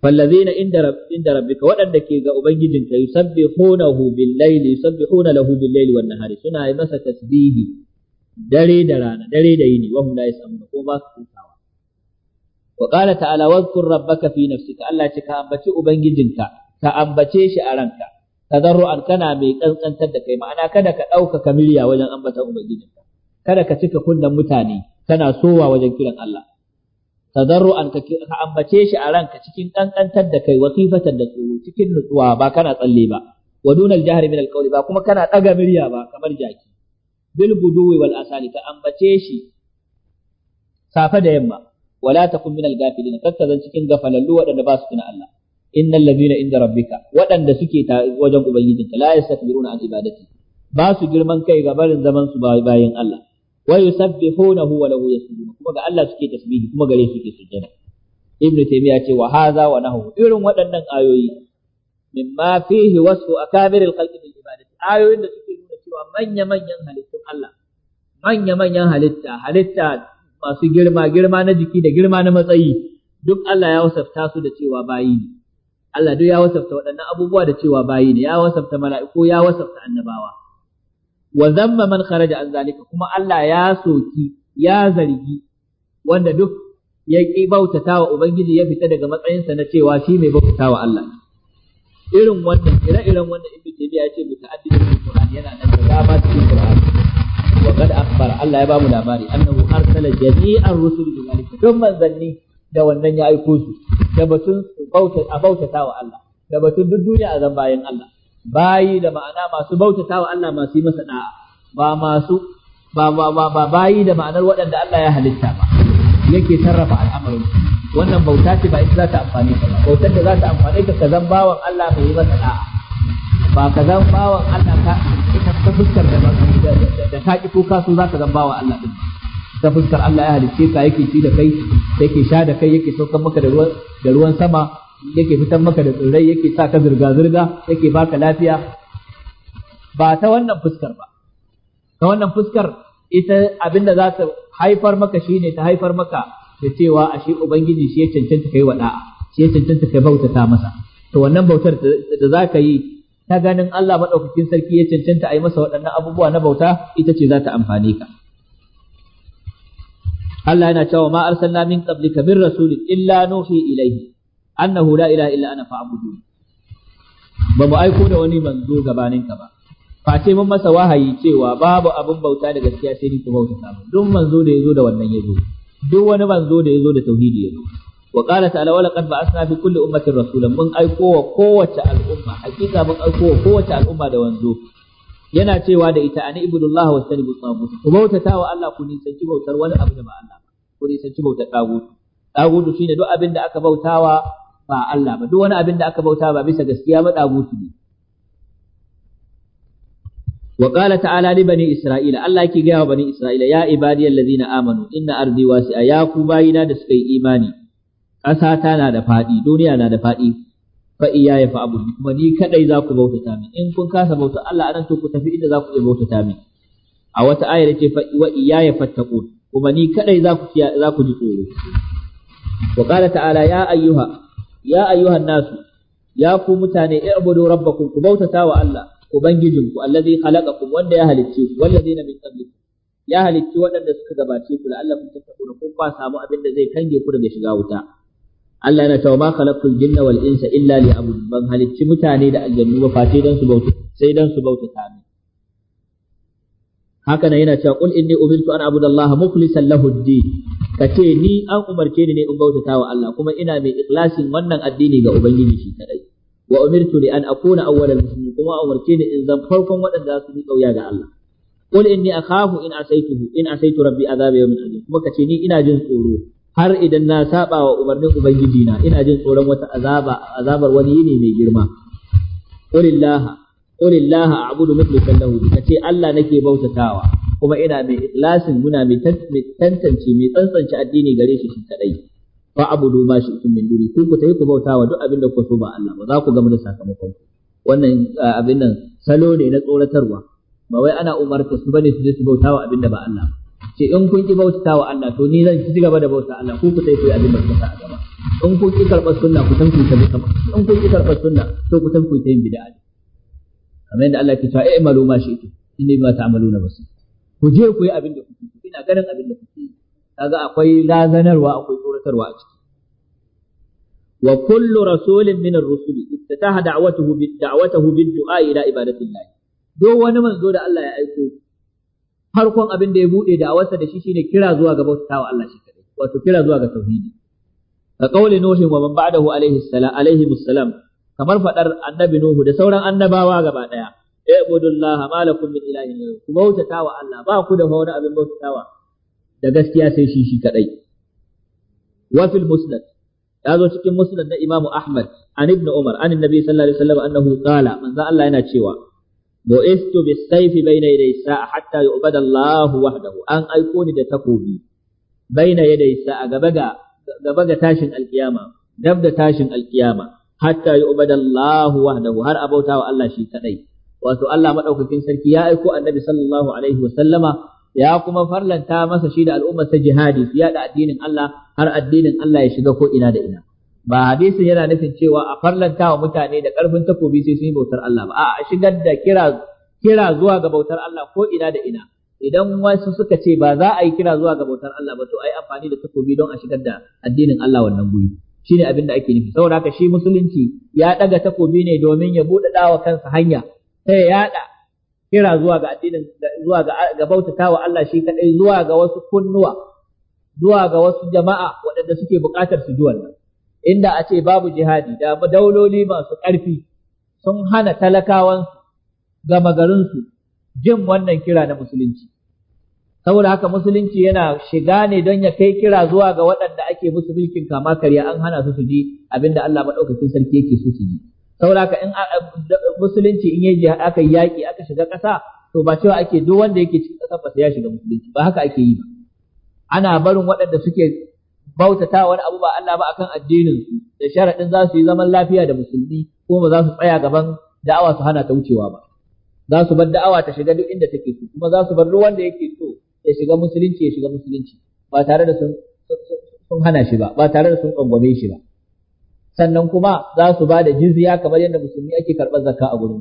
fallazina inda inda waɗanda ke ga ubangijinka ka bil layli yusabbihuna lahu bil layli wan nahari suna yi masa tasbihi dare da da yini wa hum la yasamuna ko ba su hutawa wa qala ta'ala wadhkur rabbaka fi Allah ce ka ambaci ubangijinka ka ambace shi a ranka tadarruan kana mai kankantar da kai ma'ana kada ka ɗauka kamiliya wajen kada ka cika kunnen mutane kana sowa wajen kiran Allah an ka ambace shi a ranka cikin kankantar da kai wasifatan da tsoro cikin nutsuwa ba kana tsalle ba wa dun al-jahri min al ba kuma kana daga murya ba kamar jaki bil guduwi wal asali ka ambace shi safa da yamma wala takun min al-ghafilin kakkazan cikin gafalallu waɗanda ba su tuna Allah innal ladina inda rabbika waɗanda suke ta wajen ubangijinka la yastakbiruna an ibadati ba su girman kai ga barin zaman su bayan Allah wa yusabbihunahu wa lahu yasjudun kuma ga Allah suke tasbihi kuma gare suke sujjada ibnu taymiya ce wa hadha wa nahu irin waɗannan ayoyi mimma fihi wasu akabir al-khalqi bil ibadati ayoyin da suke nuna cewa manya manyan halittun Allah manya manyan halitta halitta masu girma girma na jiki da girma na matsayi duk Allah ya wasafta su da cewa bayi ne Allah duk ya wasafta waɗannan abubuwa da cewa bayi ne ya wasafta mala'iku ya wasafta annabawa wa zamma man kharaja an zalika kuma Allah ya soki ya zargi wanda duk ya ƙi bautata wa Ubangiji ya fita daga matsayinsa na cewa shi mai bautata wa Allah. Irin wannan, ire-iren wannan Ibn Taymiyyah ya ce muta'addidin Qur'an yana nan da dama cikin Qur'an. Wa qad akhbara Allah ya ba mu labari annahu arsala jami'ar rusul bi zalika. Duk manzanni da wannan ya aiko su da batun a bautata wa Allah, da batun duk duniya a zan bayan Allah. Bayi da ma'ana masu bautata wa Allah masu yi masa da'a, ba masu ba ba ba bayi da ma'anar waɗanda Allah ya halitta ba. yake sarrafa al'amarin wannan bauta ce ba ita za ta amfane ka bautar da za ta amfane ka kazan bawan Allah bai yi masa da'a ba zan bawan Allah ka ita ta fuskar da ba da ka ki ko ka za ka zan bawan Allah din ta fuskar Allah ya halicce ka yake ci da kai yake sha da kai yake saukar maka da ruwan da ruwan sama yake fitar maka da tsirrai yake sa ka zirga zirga yake baka lafiya ba ta wannan fuskar ba ta wannan fuskar ita abinda za ta haifar maka shine ta haifar maka da cewa ashe ubangiji shi ya cancanta kai wada'a shi ya cancanta kai bautata masa to wannan bautar da za ka yi ta ganin Allah madaukakin sarki ya cancanta a yi masa waɗannan abubuwa na bauta ita ce za ta amfane ka Allah yana cewa ma arsalna min qablika min rasulin illa nuhi ilayhi annahu la ilaha illa ana fa'budu ba mu aiko da wani manzo ka ba face mun masa wahayi cewa babu abin bauta da gaskiya sai ni ku bauta ta duk manzo da yazo da wannan yazo duk wani manzo da yazo da tauhidi yazo wa qala ta'ala wa laqad ba'athna fi kulli ummatin rasulan mun aiko wa kowace al'umma hakika mun aiko wa kowace al'umma da wanzo yana cewa da ita ani ibudullah wa tanibu tagut ku ta wa Allah ku nisanci bautar wani abu da ba Allah ku nisanci bautar tagut tagut shine duk abin da aka bautawa ba Allah ba duk wani abin da aka bauta ba bisa gaskiya ba dagutu ne wa qala bane li bani isra'ila Allah yake gaya wa bani isra'ila ya ibadiyal ladina amanu inna ardi wasi'a ya ku bayina da suka yi imani ƙasa ta na da faɗi duniya na da faɗi fa iya ya fa'abu kuma ni kadai za ku bautata min in kun kasa bauta Allah anan to ku tafi inda za ku je min a wata ayar ce fa wa ya fattaqun kuma ni kadai za ku ji tsoro ta'ala ya ayyuhan nasu ya mutane ku bautata wa Allah ubangijinku allazi khalaqakum wanda ya halicce ku wallazina min qablikum ya halicci waɗanda suka gabace ku la'allakum tattaquna ko ba samu abin da zai kange ku daga shiga wuta Allah yana cewa ma khalaqtul jinna wal insa illa liya'budun ban halicci mutane da aljannu ba face dan su bauta sai dan su bauta ta ni haka nan yana cewa qul inni ubintu an Abudallah, Allah mukhlishan kace ni an umarce ni ne in bautata wa Allah kuma ina mai ikhlasin wannan addini ga ubangiji shi kadai wa umirtu li an akuna awwalal muslimin kuma umarce ni in zan farkon waɗanda su yi kauya ga Allah qul inni akhafu in asaituhu in asaitu rabbi azab yawmin alim kuma kace ni ina jin tsoro har idan na saba wa umarnin ubangiji na ina jin tsoron wata azaba azabar wani yini mai girma qulillaha qulillaha a'budu mukhlishan lahu kace Allah nake bautatawa kuma ina mai ikhlasin muna mai tantance mai tsantsance addini gare shi shi kadai fa abudu ma shi min duni ku ku tayi ku bauta wa duk abin da ku so ba Allah ba za ku gama da sakamakon ku wannan abin nan salo ne na tsoratarwa ba wai ana umarta su bane su je su bauta wa abin da ba Allah ba ce in kun ki bauta wa Allah to ni zan ci gaba da bauta Allah ku ku tayi ku abin da ku sa a gaba in kun ki karɓar sunna ku san ku ta bisa in kun ki karɓar sunna to ku san ku ta yin bid'a kamar yadda Allah ke cewa i'malu ma shi'tu inni ma ta'maluna basir ku je ku yi abin da kuke ina ganin abin da kuke kaga akwai lazanarwa akwai tsoratarwa a ciki wa kullu rasulin min ar-rusuli iftataha da'watuhu bi da'watuhu du'a ila ibadatillah duk wani manzo da Allah ya aiko farkon abin da ya bude da'awarsa da shi shine kira zuwa ga bautawa Allah shi kadai wato kira zuwa ga tauhidi ka kauli wa man ba'dahu alaihi salam alaihi musallam kamar fadar annabi nuhu da sauran annabawa gaba daya ibudullaha ma lakum min ilahin ku Allah ba ku da wani abin bautatawa da gaskiya sai shi shi kadai Wafil fil musnad ya zo cikin musnad na imamu ahmad an ibn umar an annabi sallallahu alaihi wasallam annahu qala Allah yana cewa bu'istu bis sayfi bayna yaday sa'a hatta yu'bada Allah wahdahu an aiko ni da takobi bayna yaday sa'a gaba ga tashin alkiyama dab da tashin alkiyama hatta yu'bada Allah wahdahu har abauta wa Allah shi kadai wato Allah madaukakin sarki ya aiko annabi sallallahu alaihi ya kuma farlanta masa shi da al'ummar ta jihadi su yada addinin Allah har addinin Allah ya shiga ko ina da ina ba hadisin yana nufin cewa a farlanta wa mutane da karfin takobi sai sun yi bautar Allah ba a'a shigar da kira kira zuwa ga bautar Allah ko ina da ina idan wasu suka ce ba za a yi kira zuwa ga bautar Allah ba to ai amfani da takobi don a shigar da addinin Allah wannan guri shine abin da ake nufi saboda haka shi musulunci ya daga takobi ne domin ya buɗe wa kansa hanya ta ya yada kira zuwa ga addinin zuwa ga ga bautatawa Allah shi kadai zuwa ga wasu kunnuwa zuwa ga wasu jama'a waɗanda suke buƙatar su ji wannan inda a ce babu jihadi da dauloli masu ƙarfi sun hana talakawansu gama garinsu jin wannan kira na musulunci saboda haka musulunci yana shiga ne don ya kai kira zuwa ga waɗanda ake musu mulkin kama karya an hana su su ji abinda Allah maɗaukakin sarki yake so su ji saboda haka in musulunci in yaji aka yaki aka shiga ƙasa to ba cewa ake duk wanda yake cikin ƙasa ba sai ya shiga musulunci ba haka ake yi ba ana barin waɗanda suke bautata wani abu ba Allah ba akan addinin su da sharaɗin za su yi zaman lafiya da musulmi ko ba za su tsaya gaban da'awa su hana ta wucewa ba za su bar da'awa ta shiga duk inda take so kuma za su bar duk wanda yake so ya shiga musulunci ya shiga musulunci ba tare da sun sun hana shi ba ba tare da sun kangwame shi ba sannan kuma za su ba da jizya kamar yadda musulmi ake karɓar zakka a gurin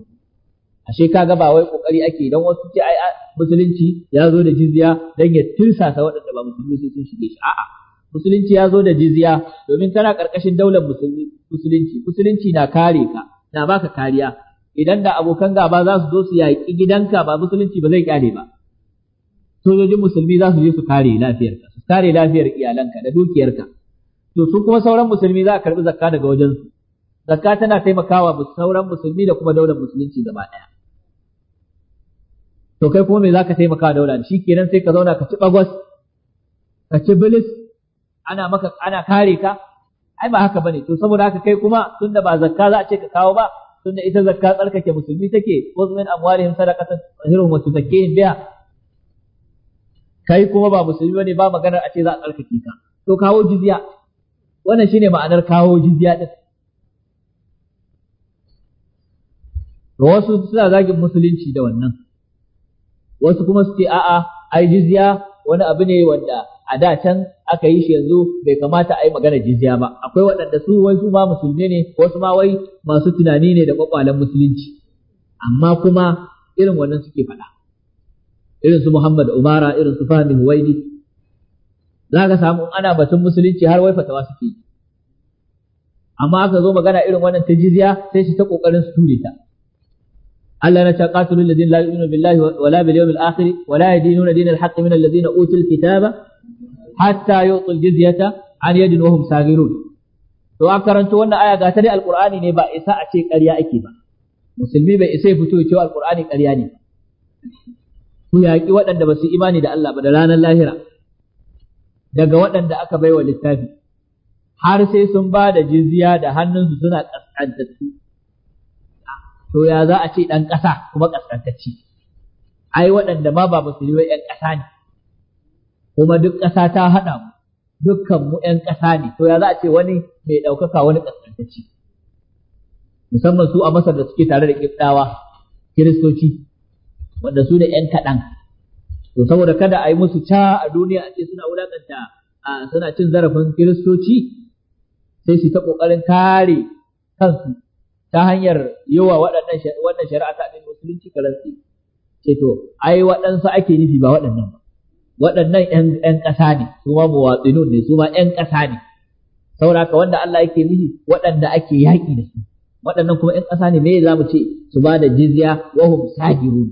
ashe kaga ba wai kokari ake don wasu ce ai musulunci ya zo da jizya dan ya tirsasa waɗanda ba musulmi sai sun shige shi a'a musulunci ya zo da jizya domin tana karkashin daular musulmi musulunci musulunci na kare ka na baka kariya idan da abokan gaba za su zo su yaƙi gidanka ba musulunci ba zai kyale ba sojojin musulmi za su je su kare lafiyarka su kare lafiyar iyalanka da dukiyarka to su kuma sauran musulmi za a karbi zakka daga wajen zakka tana taimakawa sauran musulmi da kuma daular musulunci gaba daya to kai kuma me zaka taimaka daula kenan sai ka zauna ka ci bagwas ka ci bilis ana maka ana kare ka ai ba haka bane to saboda haka kai kuma tunda ba zakka za a ce ka kawo ba tunda ita zakka tsarkake musulmi take khudh min amwalihim sadaqatan tahirum wa tuzakkihim biha kai kuma ba musulmi bane ba maganar a ce za a tsarkake ka to kawo jizya wannan shine ma'anar kawo jizya din wasu suna zagin musulunci da wannan wasu kuma suke a'a ai jizya wani abu ne wanda a da can aka yi shi yanzu bai kamata a yi magana jizya ba akwai waɗanda su wai su ma musulmi ne wasu ma wai masu tunani ne da kwakwalen musulunci amma kuma irin wannan suke faɗa irin su Muhammad Umara irin su Fahmi Huwaidi za ka samu ana batun musulunci har wai fatawa suke amma aka zo magana irin wannan ta jizya sai shi ta kokarin su ture ta Allah na taqatul ladina la yu'minu billahi wala bil yawmil akhir wala yadinuna dinal haqq min alladhina utul kitaba hatta yu'tul jizyata an yadin wa hum sagirun to a karanto wannan aya ga ta dai alqur'ani ne ba isa a ce ƙarya ake ba musulmi bai isa ya fito ya ce alqur'ani ƙarya ne ku yaƙi waɗanda ba su imani da Allah ba da ranar lahira daga waɗanda aka baiwa littafi har sai sun ba da jizya da hannunsu suna ƙasƙantattu to ya za a ce ɗan ƙasa kuma ƙasƙantacci ai waɗanda ma ba musulmi ‘yan ƙasa ne kuma duk ƙasa ta haɗa mu dukkan mu ‘yan ƙasa ne to ya za a ce wani mai ɗaukaka wani ƙasƙantacci musamman su a masar da suke tare da ƙibɗawa kiristoci wanda su da ‘yan kaɗan to saboda kada a yi musu ca a duniya a ce suna wulakanta suna cin zarafin kiristoci sai su ta kokarin kare kansu ta hanyar yawa waɗannan wannan shari'a ta addinin musulunci Sai ce to ai waɗansu ake nufi ba waɗannan ba waɗannan ƴan ƴan ƙasa ne su ma muwatsinun ne su ma ƴan ƙasa ne saboda wanda Allah yake nufi waɗanda ake yaƙi da su waɗannan kuma ƴan ƙasa ne me za mu ce su ba da jizya wa hum sajirun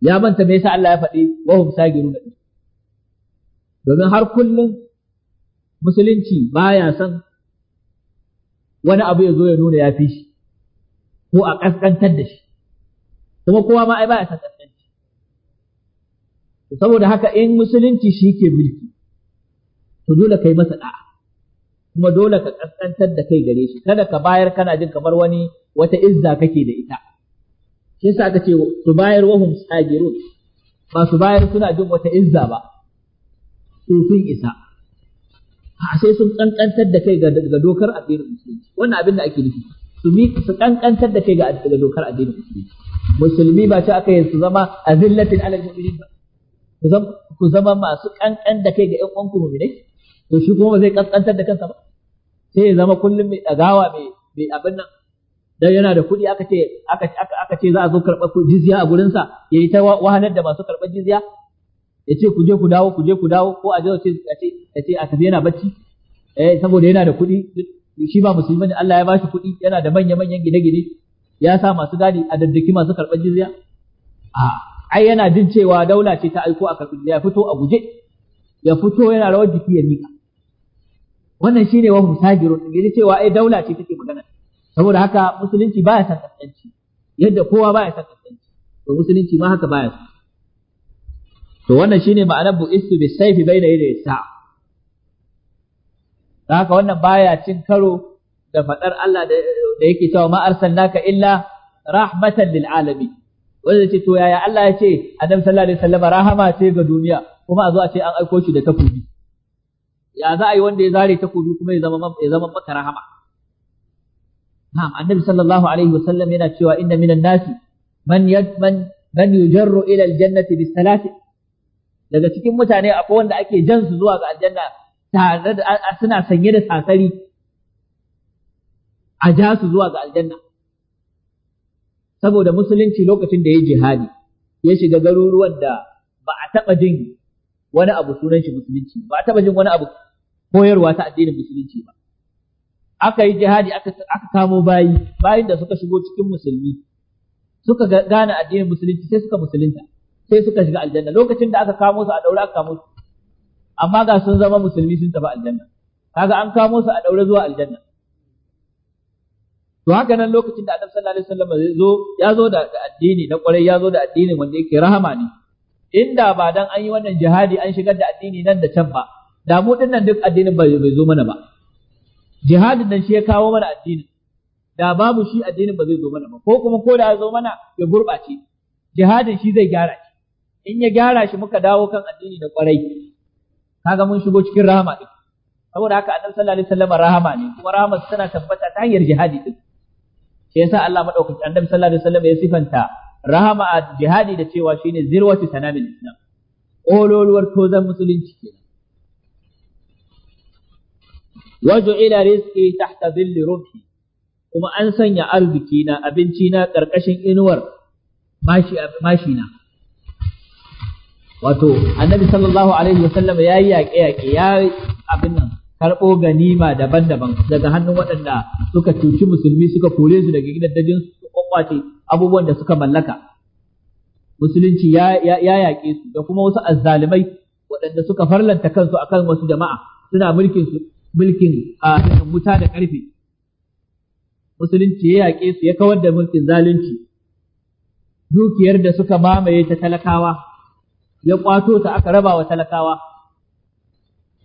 ya manta me yasa Allah ya faɗi wa hum sagirun domin har kullum musulunci baya son wani abu ya zo ya nuna ya fi shi ko a ƙasƙantar da shi kuma kowa ma ai baya son kaskanci saboda haka in musulunci shi ke mulki to dole kai masa da'a kuma dole ka ƙasƙantar da kai gare shi kada ka bayar kana jin kamar wani wata izza kake da ita shi yasa aka ce su bayar wahum sagirun ba su bayar suna jin wata izza ba su sun isa a sai sun kankantar da kai ga dokar addinin musulunci wannan abin da ake nufi su mi su kankantar da kai ga dokar addinin musulunci musulmi ba ta aka yi su zama azillatin alal mu'minin ba ku zama masu kankan da kai ga ƴan uwanku mu'minai to shi kuma zai kankantar da kansa ba sai ya zama kullum mai dagawa mai abin nan dan yana da kuɗi aka ce aka ce za a zo karɓar jizya a gurin ya yayi ta wahalar da masu karɓar jizya ya ce ku je ku dawo ku je ku dawo ko a je a ce a ce a tafi yana bacci eh saboda yana da kuɗi shi ba musulmi ne Allah ya ba shi kuɗi yana da manya manyan gine-gine ya sa masu gadi a daddaki masu karɓar jizya a ai yana jin cewa daula ce ta aiko a karɓar ya fito a guje ya fito yana rawar jiki ya mika wannan shine wa musajirun ne cewa ai daula ce take magana saboda haka musulunci baya san kaskanci yadda kowa baya san kaskanci to musulunci ma haka baya san to wannan shine ma'anar bu'istu bis sayfi baina yaday sa'a haka wannan baya cin karo da fadar Allah da yake cewa ma arsalnaka illa rahmatan lil alamin wanda ce to yaya Allah ya ce annabi sallallahu alaihi wasallam rahama ce ga duniya kuma a zo a ce an aiko shi da takobi ya za a yi wanda ya zare takobi kuma ya zama ya zama maka rahama na'am annabi sallallahu alaihi wasallam yana cewa inna minan nasi man yadman man yujarru ila aljannati daga cikin mutane akwai wanda ake jan su zuwa ga aljanna tare da suna sanye da sasari a ja su zuwa ga aljanna saboda musulunci lokacin da ya jihadi ya shiga garuruwan da ba a taɓa jin wani abu sunan shi musulunci ba a taɓa jin wani abu koyarwa ta addinin musulunci ba aka yi jihadi aka kamo bayi bayin da suka shigo cikin musulmi suka gane addinin musulunci sai suka musulunta sai suka shiga aljanna lokacin da aka kamo su a daure aka kamo su amma ga sun zama musulmi sun tafi aljanna kaga an kamo su a daure zuwa aljanna to haka nan lokacin da annabi sallallahu alaihi wasallam zai zo ya zo da addini na kwarai ya zo da addini wanda yake rahama ne inda ba dan an yi wannan jihadi an shigar da addini nan da can ba da mu dinnan nan duk addinin bai zo mana ba jihadin nan shi ya kawo mana addini da babu shi addinin ba zai zo mana ba ko kuma ko da ya zo mana ya gurɓace jihadin shi zai gyara shi in ya gyara shi muka dawo kan addini da kwarai kaga mun shigo cikin rahama din saboda haka annabi sallallahu alaihi wasallam rahama ne kuma rahama tana tabbata ta hanyar jihadi din shi yasa Allah madaukakin annabi sallallahu alaihi wasallam ya sifanta rahama a jihadi da cewa shine zirwatu tanamin islam ololuwar tozan musulunci ke وجعل رزقي تحت ظل رمحي kuma an sanya arziki na abinci na ƙarƙashin inuwar mashi na wato annabi sallallahu alaihi wasallam ya yi yaƙe yaƙe ya abin nan karɓo ganima daban-daban daga hannun waɗanda suka cuci musulmi suka kore su daga gidajen su kwakwace abubuwan da suka mallaka musulunci ya yaƙe su da kuma wasu azzalimai waɗanda suka farlanta kansu akan wasu jama'a suna mulkin su mulkin a wuta da ƙarfe musulunci ya yaƙe su ya kawar da mulkin zalunci dukiyar da suka mamaye ta talakawa ya ƙwato ta aka raba wa talakawa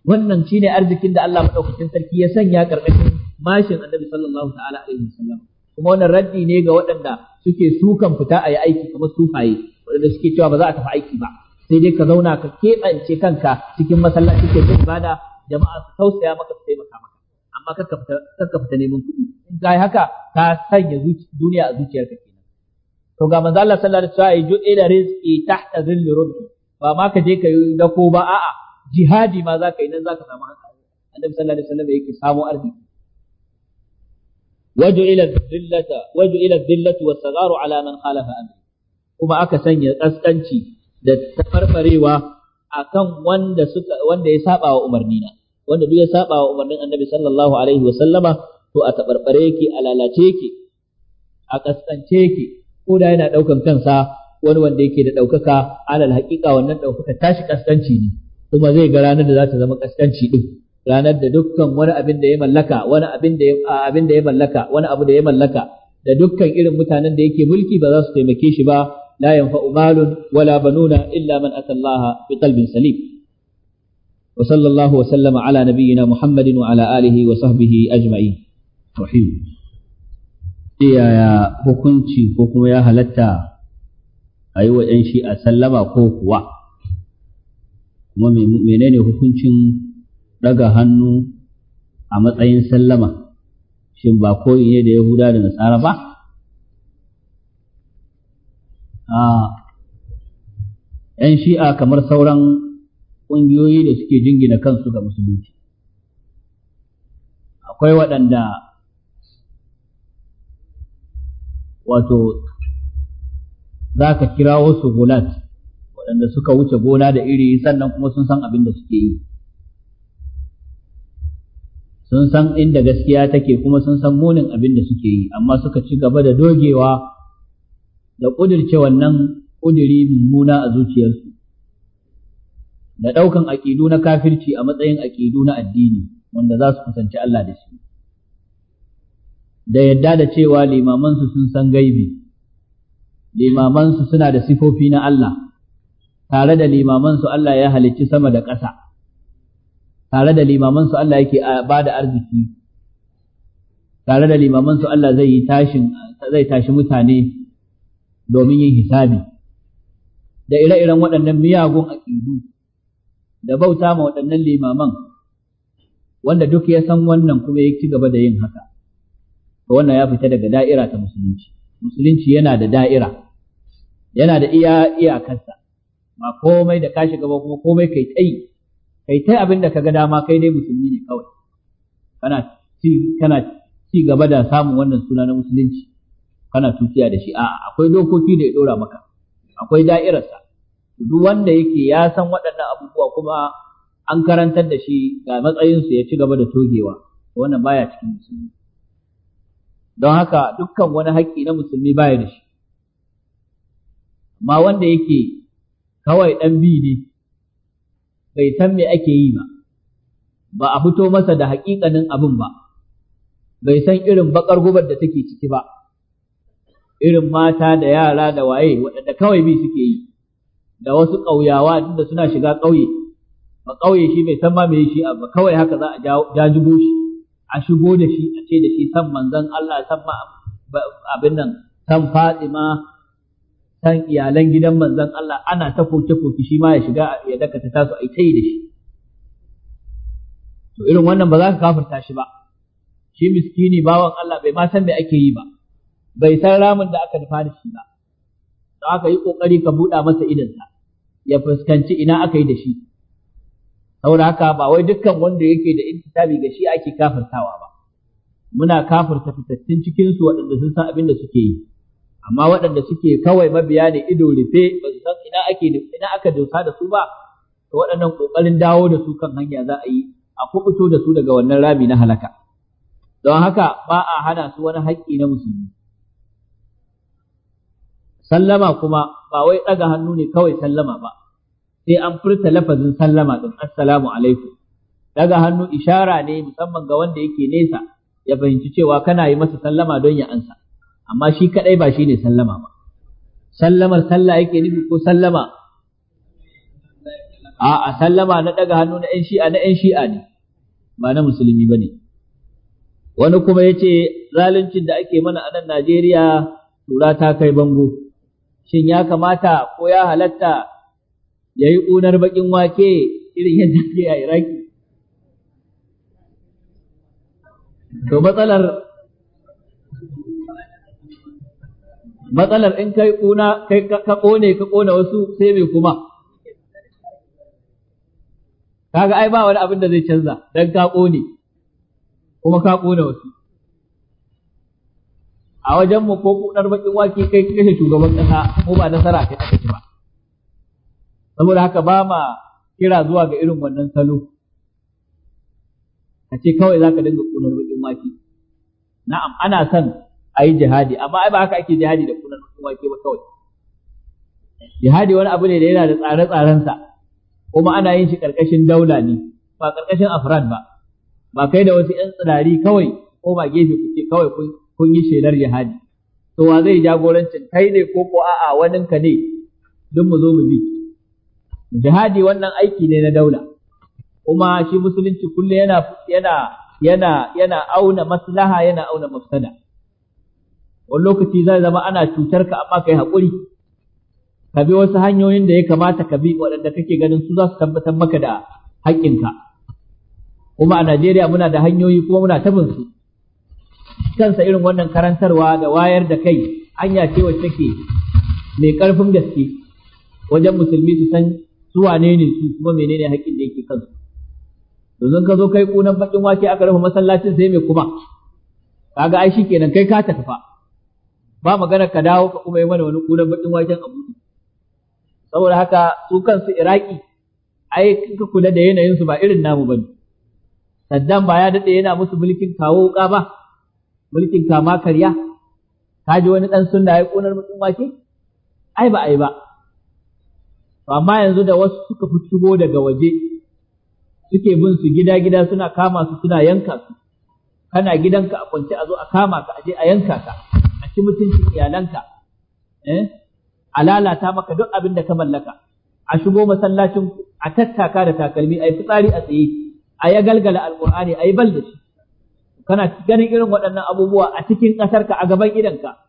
wannan shi ne arzikin da Allah madaukakin sarki ya sanya ƙarƙashin mashin annabi sallallahu ta'ala alaihi wasallam kuma wannan raddi ne ga waɗanda suke sukan fita a yi aiki kamar sufaye waɗanda suke cewa ba za a tafi aiki ba sai dai ka zauna ka keɓance kanka cikin masallaci ke ibada jama'a su tausaya maka su taimaka maka amma kakka fita fita neman kuɗi in kai haka ka sanya duniya a zuciyarka kenan to ga manzo Allah sallallahu alaihi wasallam ya ila rizqi tahta dhilli rubbi ba ma ka je ka yi dako ba a'a jihadi ma za ka yi nan za ka samu haka annabi sallallahu alaihi wasallam yake samu arziki وجعل الذلة وجعل الذلة والصغار على من خالف أمري kuma aka sanya ƙasƙanci da tafarfarewa akan wanda suka wanda ya saba wa umarni na wanda duk ya saba wa umarnin annabi sallallahu alaihi wasallama to a tabarbare yake a lalace ke, a kaskance ki ko da yana daukan kansa wani wanda yake da daukaka alal haqiqa wannan daukaka tashi kaskanci ne kuma zai ga ranar da za ta zama kaskanci din ranar da dukkan wani abin da ya mallaka wani abin da abin da ya mallaka wani abu da ya mallaka da dukkan irin mutanen da yake mulki ba za su taimake shi ba لا ينفع مال ولا بنون إلا من أتى الله بقلب سليم وصلى الله وسلم على نبينا محمد وعلى آله وصحبه أجمعين رحيم يا hukunci ko kuma ya halatta ayiwa yi wa 'yan shi'a sallama ko kuwa kuma menene hukuncin daga hannu a matsayin sallama shin ba koyi ne da yahuda da nasara ba ‘yan shi'a kamar sauran ƙungiyoyi da suke jingina kansu ga musulunci akwai waɗanda wato za ka kira wasu gulat waɗanda suka wuce gona da iri sannan kuma sun san abin da suke yi sun san inda gaskiya take kuma sun san munin abin da suke yi amma suka ci gaba da dogewa da ƙudirce wannan ƙudiri mummuna a zuciyarsu da ɗaukan aƙidu na kafirci a matsayin aƙidu na addini wanda za su kusanci Allah da shi da yadda da cewa limamansu sun san gaibi limamansu suna da sifofi na Allah tare da limamansu Allah ya halicci sama da ƙasa tare da limamansu Allah yake ba da arziki tare da limamansu Allah zai yi tashin zai tashi mutane domin yin hisabi da ire-iren waɗannan miyagun aƙidu da bauta ma waɗannan limaman wanda duk ya san wannan kuma ya ci gaba da yin haka to wannan ya fita daga da'ira ta musulunci musulunci yana da da'ira yana da iya iyakarsa ba komai da kashi gaba kuma komai kai tai kai tai abin da kaga dama kai dai musulmi ne kawai kana kana ci gaba da samun wannan suna na musulunci kana tukiya da shi a'a akwai dokoki da ya dora maka akwai da'irarsa duk wanda yake ya san waɗannan abubuwa kuma an karantar da shi ga matsayinsu ya ci gaba da togewa wannan baya cikin musulmi don haka dukkan wani haƙƙi na musulmi baya da shi amma wanda yake kawai ɗan bi ne bai san me ake yi ba ba a fito masa da haƙiƙanin abin ba bai san irin baƙar gubar da take ciki ba irin mata da yara da waye waɗanda kawai bi suke yi da wasu ƙauyawa duk da suna shiga ƙauye ba ƙauye shi bai san ma me shi ba kawai haka za a jajibo shi a shigo da shi a ce da shi san manzon Allah san ma abin nan san Fatima san iyalan gidan manzon Allah ana ta koke koke shi ma ya shiga ya dakata tasu a tai da shi to irin wannan ba za ka kafirta shi ba shi miskini bawan Allah bai ma san me ake yi ba bai san ramin da aka nufa da shi ba don aka yi ƙoƙari ka buɗa masa idonsa ya fuskanci ina aka yi da shi saboda haka ba wai dukkan wanda yake da intisabi ga shi ake kafirtawa ba muna kafirta fitattun cikin su waɗanda sun san abin da suke yi amma waɗanda suke kawai mabiya ne ido rufe ba su san ina ake ina aka dosa da su ba to waɗannan ƙoƙarin dawo da su kan hanya za a yi a kuɓuto da su daga wannan rami na halaka don haka ba a hana su wani haƙƙi na musulmi sallama kuma ba wai ɗaga hannu ne kawai sallama ba sai an furta lafazin sallama din assalamu alaikum Ɗaga hannu ishara ne musamman ga wanda yake nesa ya fahimci cewa kana yi masa sallama don ya ansa amma shi kaɗai ba shine sallama ba sallamar sallah yake nufi ko sallama a a sallama na ɗaga hannu na yan shi'a na yan shi'a ne ba na musulmi ba ne. wani kuma ya ce zaluncin da ake mana a nan Najeriya tura ta kai bango shin ya kamata ko ya halatta ya yi ƙunar baƙin wake irin yadda ke a Iraki. To matsalar matsalar in kai ƙuna kai ka ƙone ka ƙona wasu sai mai kuma. Kaga ai ba wani abin da zai canza don ka ƙone kuma ka ƙone wasu. a wajen mu ko kudar bakin waki kai kashe shugaban kasa mu ba nasara kai aka ci ba saboda haka ba ma kira zuwa ga irin wannan salo a ce kawai zaka dinga kunar bakin waki. na'am ana son a yi jihadi amma ai ba haka ake jihadi da kunar bakin waki ba kawai jihadi wani abu ne da yana da tsare-tsarensa kuma ana yin shi karkashin daula ne ba karkashin Afran ba ba kai da wasu 'yan tsirari kawai ko ba gefe kuke kawai kun kun yi shelar jihadi to wa zai jagorancin kai ne ko ko a'a waninka ne duk mu zo mu bi jihadi wannan aiki ne na daula kuma shi musulunci kullum yana yana yana yana auna maslaha yana auna mafsada wani lokaci zai zama ana cutar ka amma kai haƙuri ka bi wasu hanyoyin da ya kamata ka bi waɗanda kake ganin su za su tabbatar maka da haƙƙinka kuma a Najeriya muna da hanyoyi kuma muna tabin su kansa irin wannan karantarwa da wayar da kai hanya ce wacce ke mai ƙarfin gaske wajen musulmi su san su wane ne su kuma menene haƙƙin da yake kansu yanzu ka zo kai kunan bakin wake aka rufe masallacin sai mai kuma kaga ai shikenan kai ka ta fa ba magana ka dawo ka kuma yi mana wani kunan bakin waken abu saboda haka su kansu iraki ai ka kula da yanayin su ba irin namu bane Saddam ba ya dade yana musu mulkin kawo wuƙa ba mulkin kama karya ka ji wani ɗan sunna ya kunar mutum wake ai ba ai ba amma yanzu da wasu suka fi shigo daga waje suke bin su gida gida suna kama su suna yanka su kana gidanka a kwance a zo a kama ka a a yanka ka a ci mutuncin iyalanka eh? a lalata maka duk abin da ka mallaka a shigo masallacin a tattaka da takalmi a yi fitsari a tsaye a ya galgala alqur'ani a yi bal da shi kana ganin irin waɗannan abubuwa a cikin ƙasarka a gaban idanka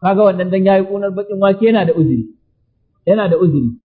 kaga wannan dan yayi ƙunar baƙin wake yana yana da uzuri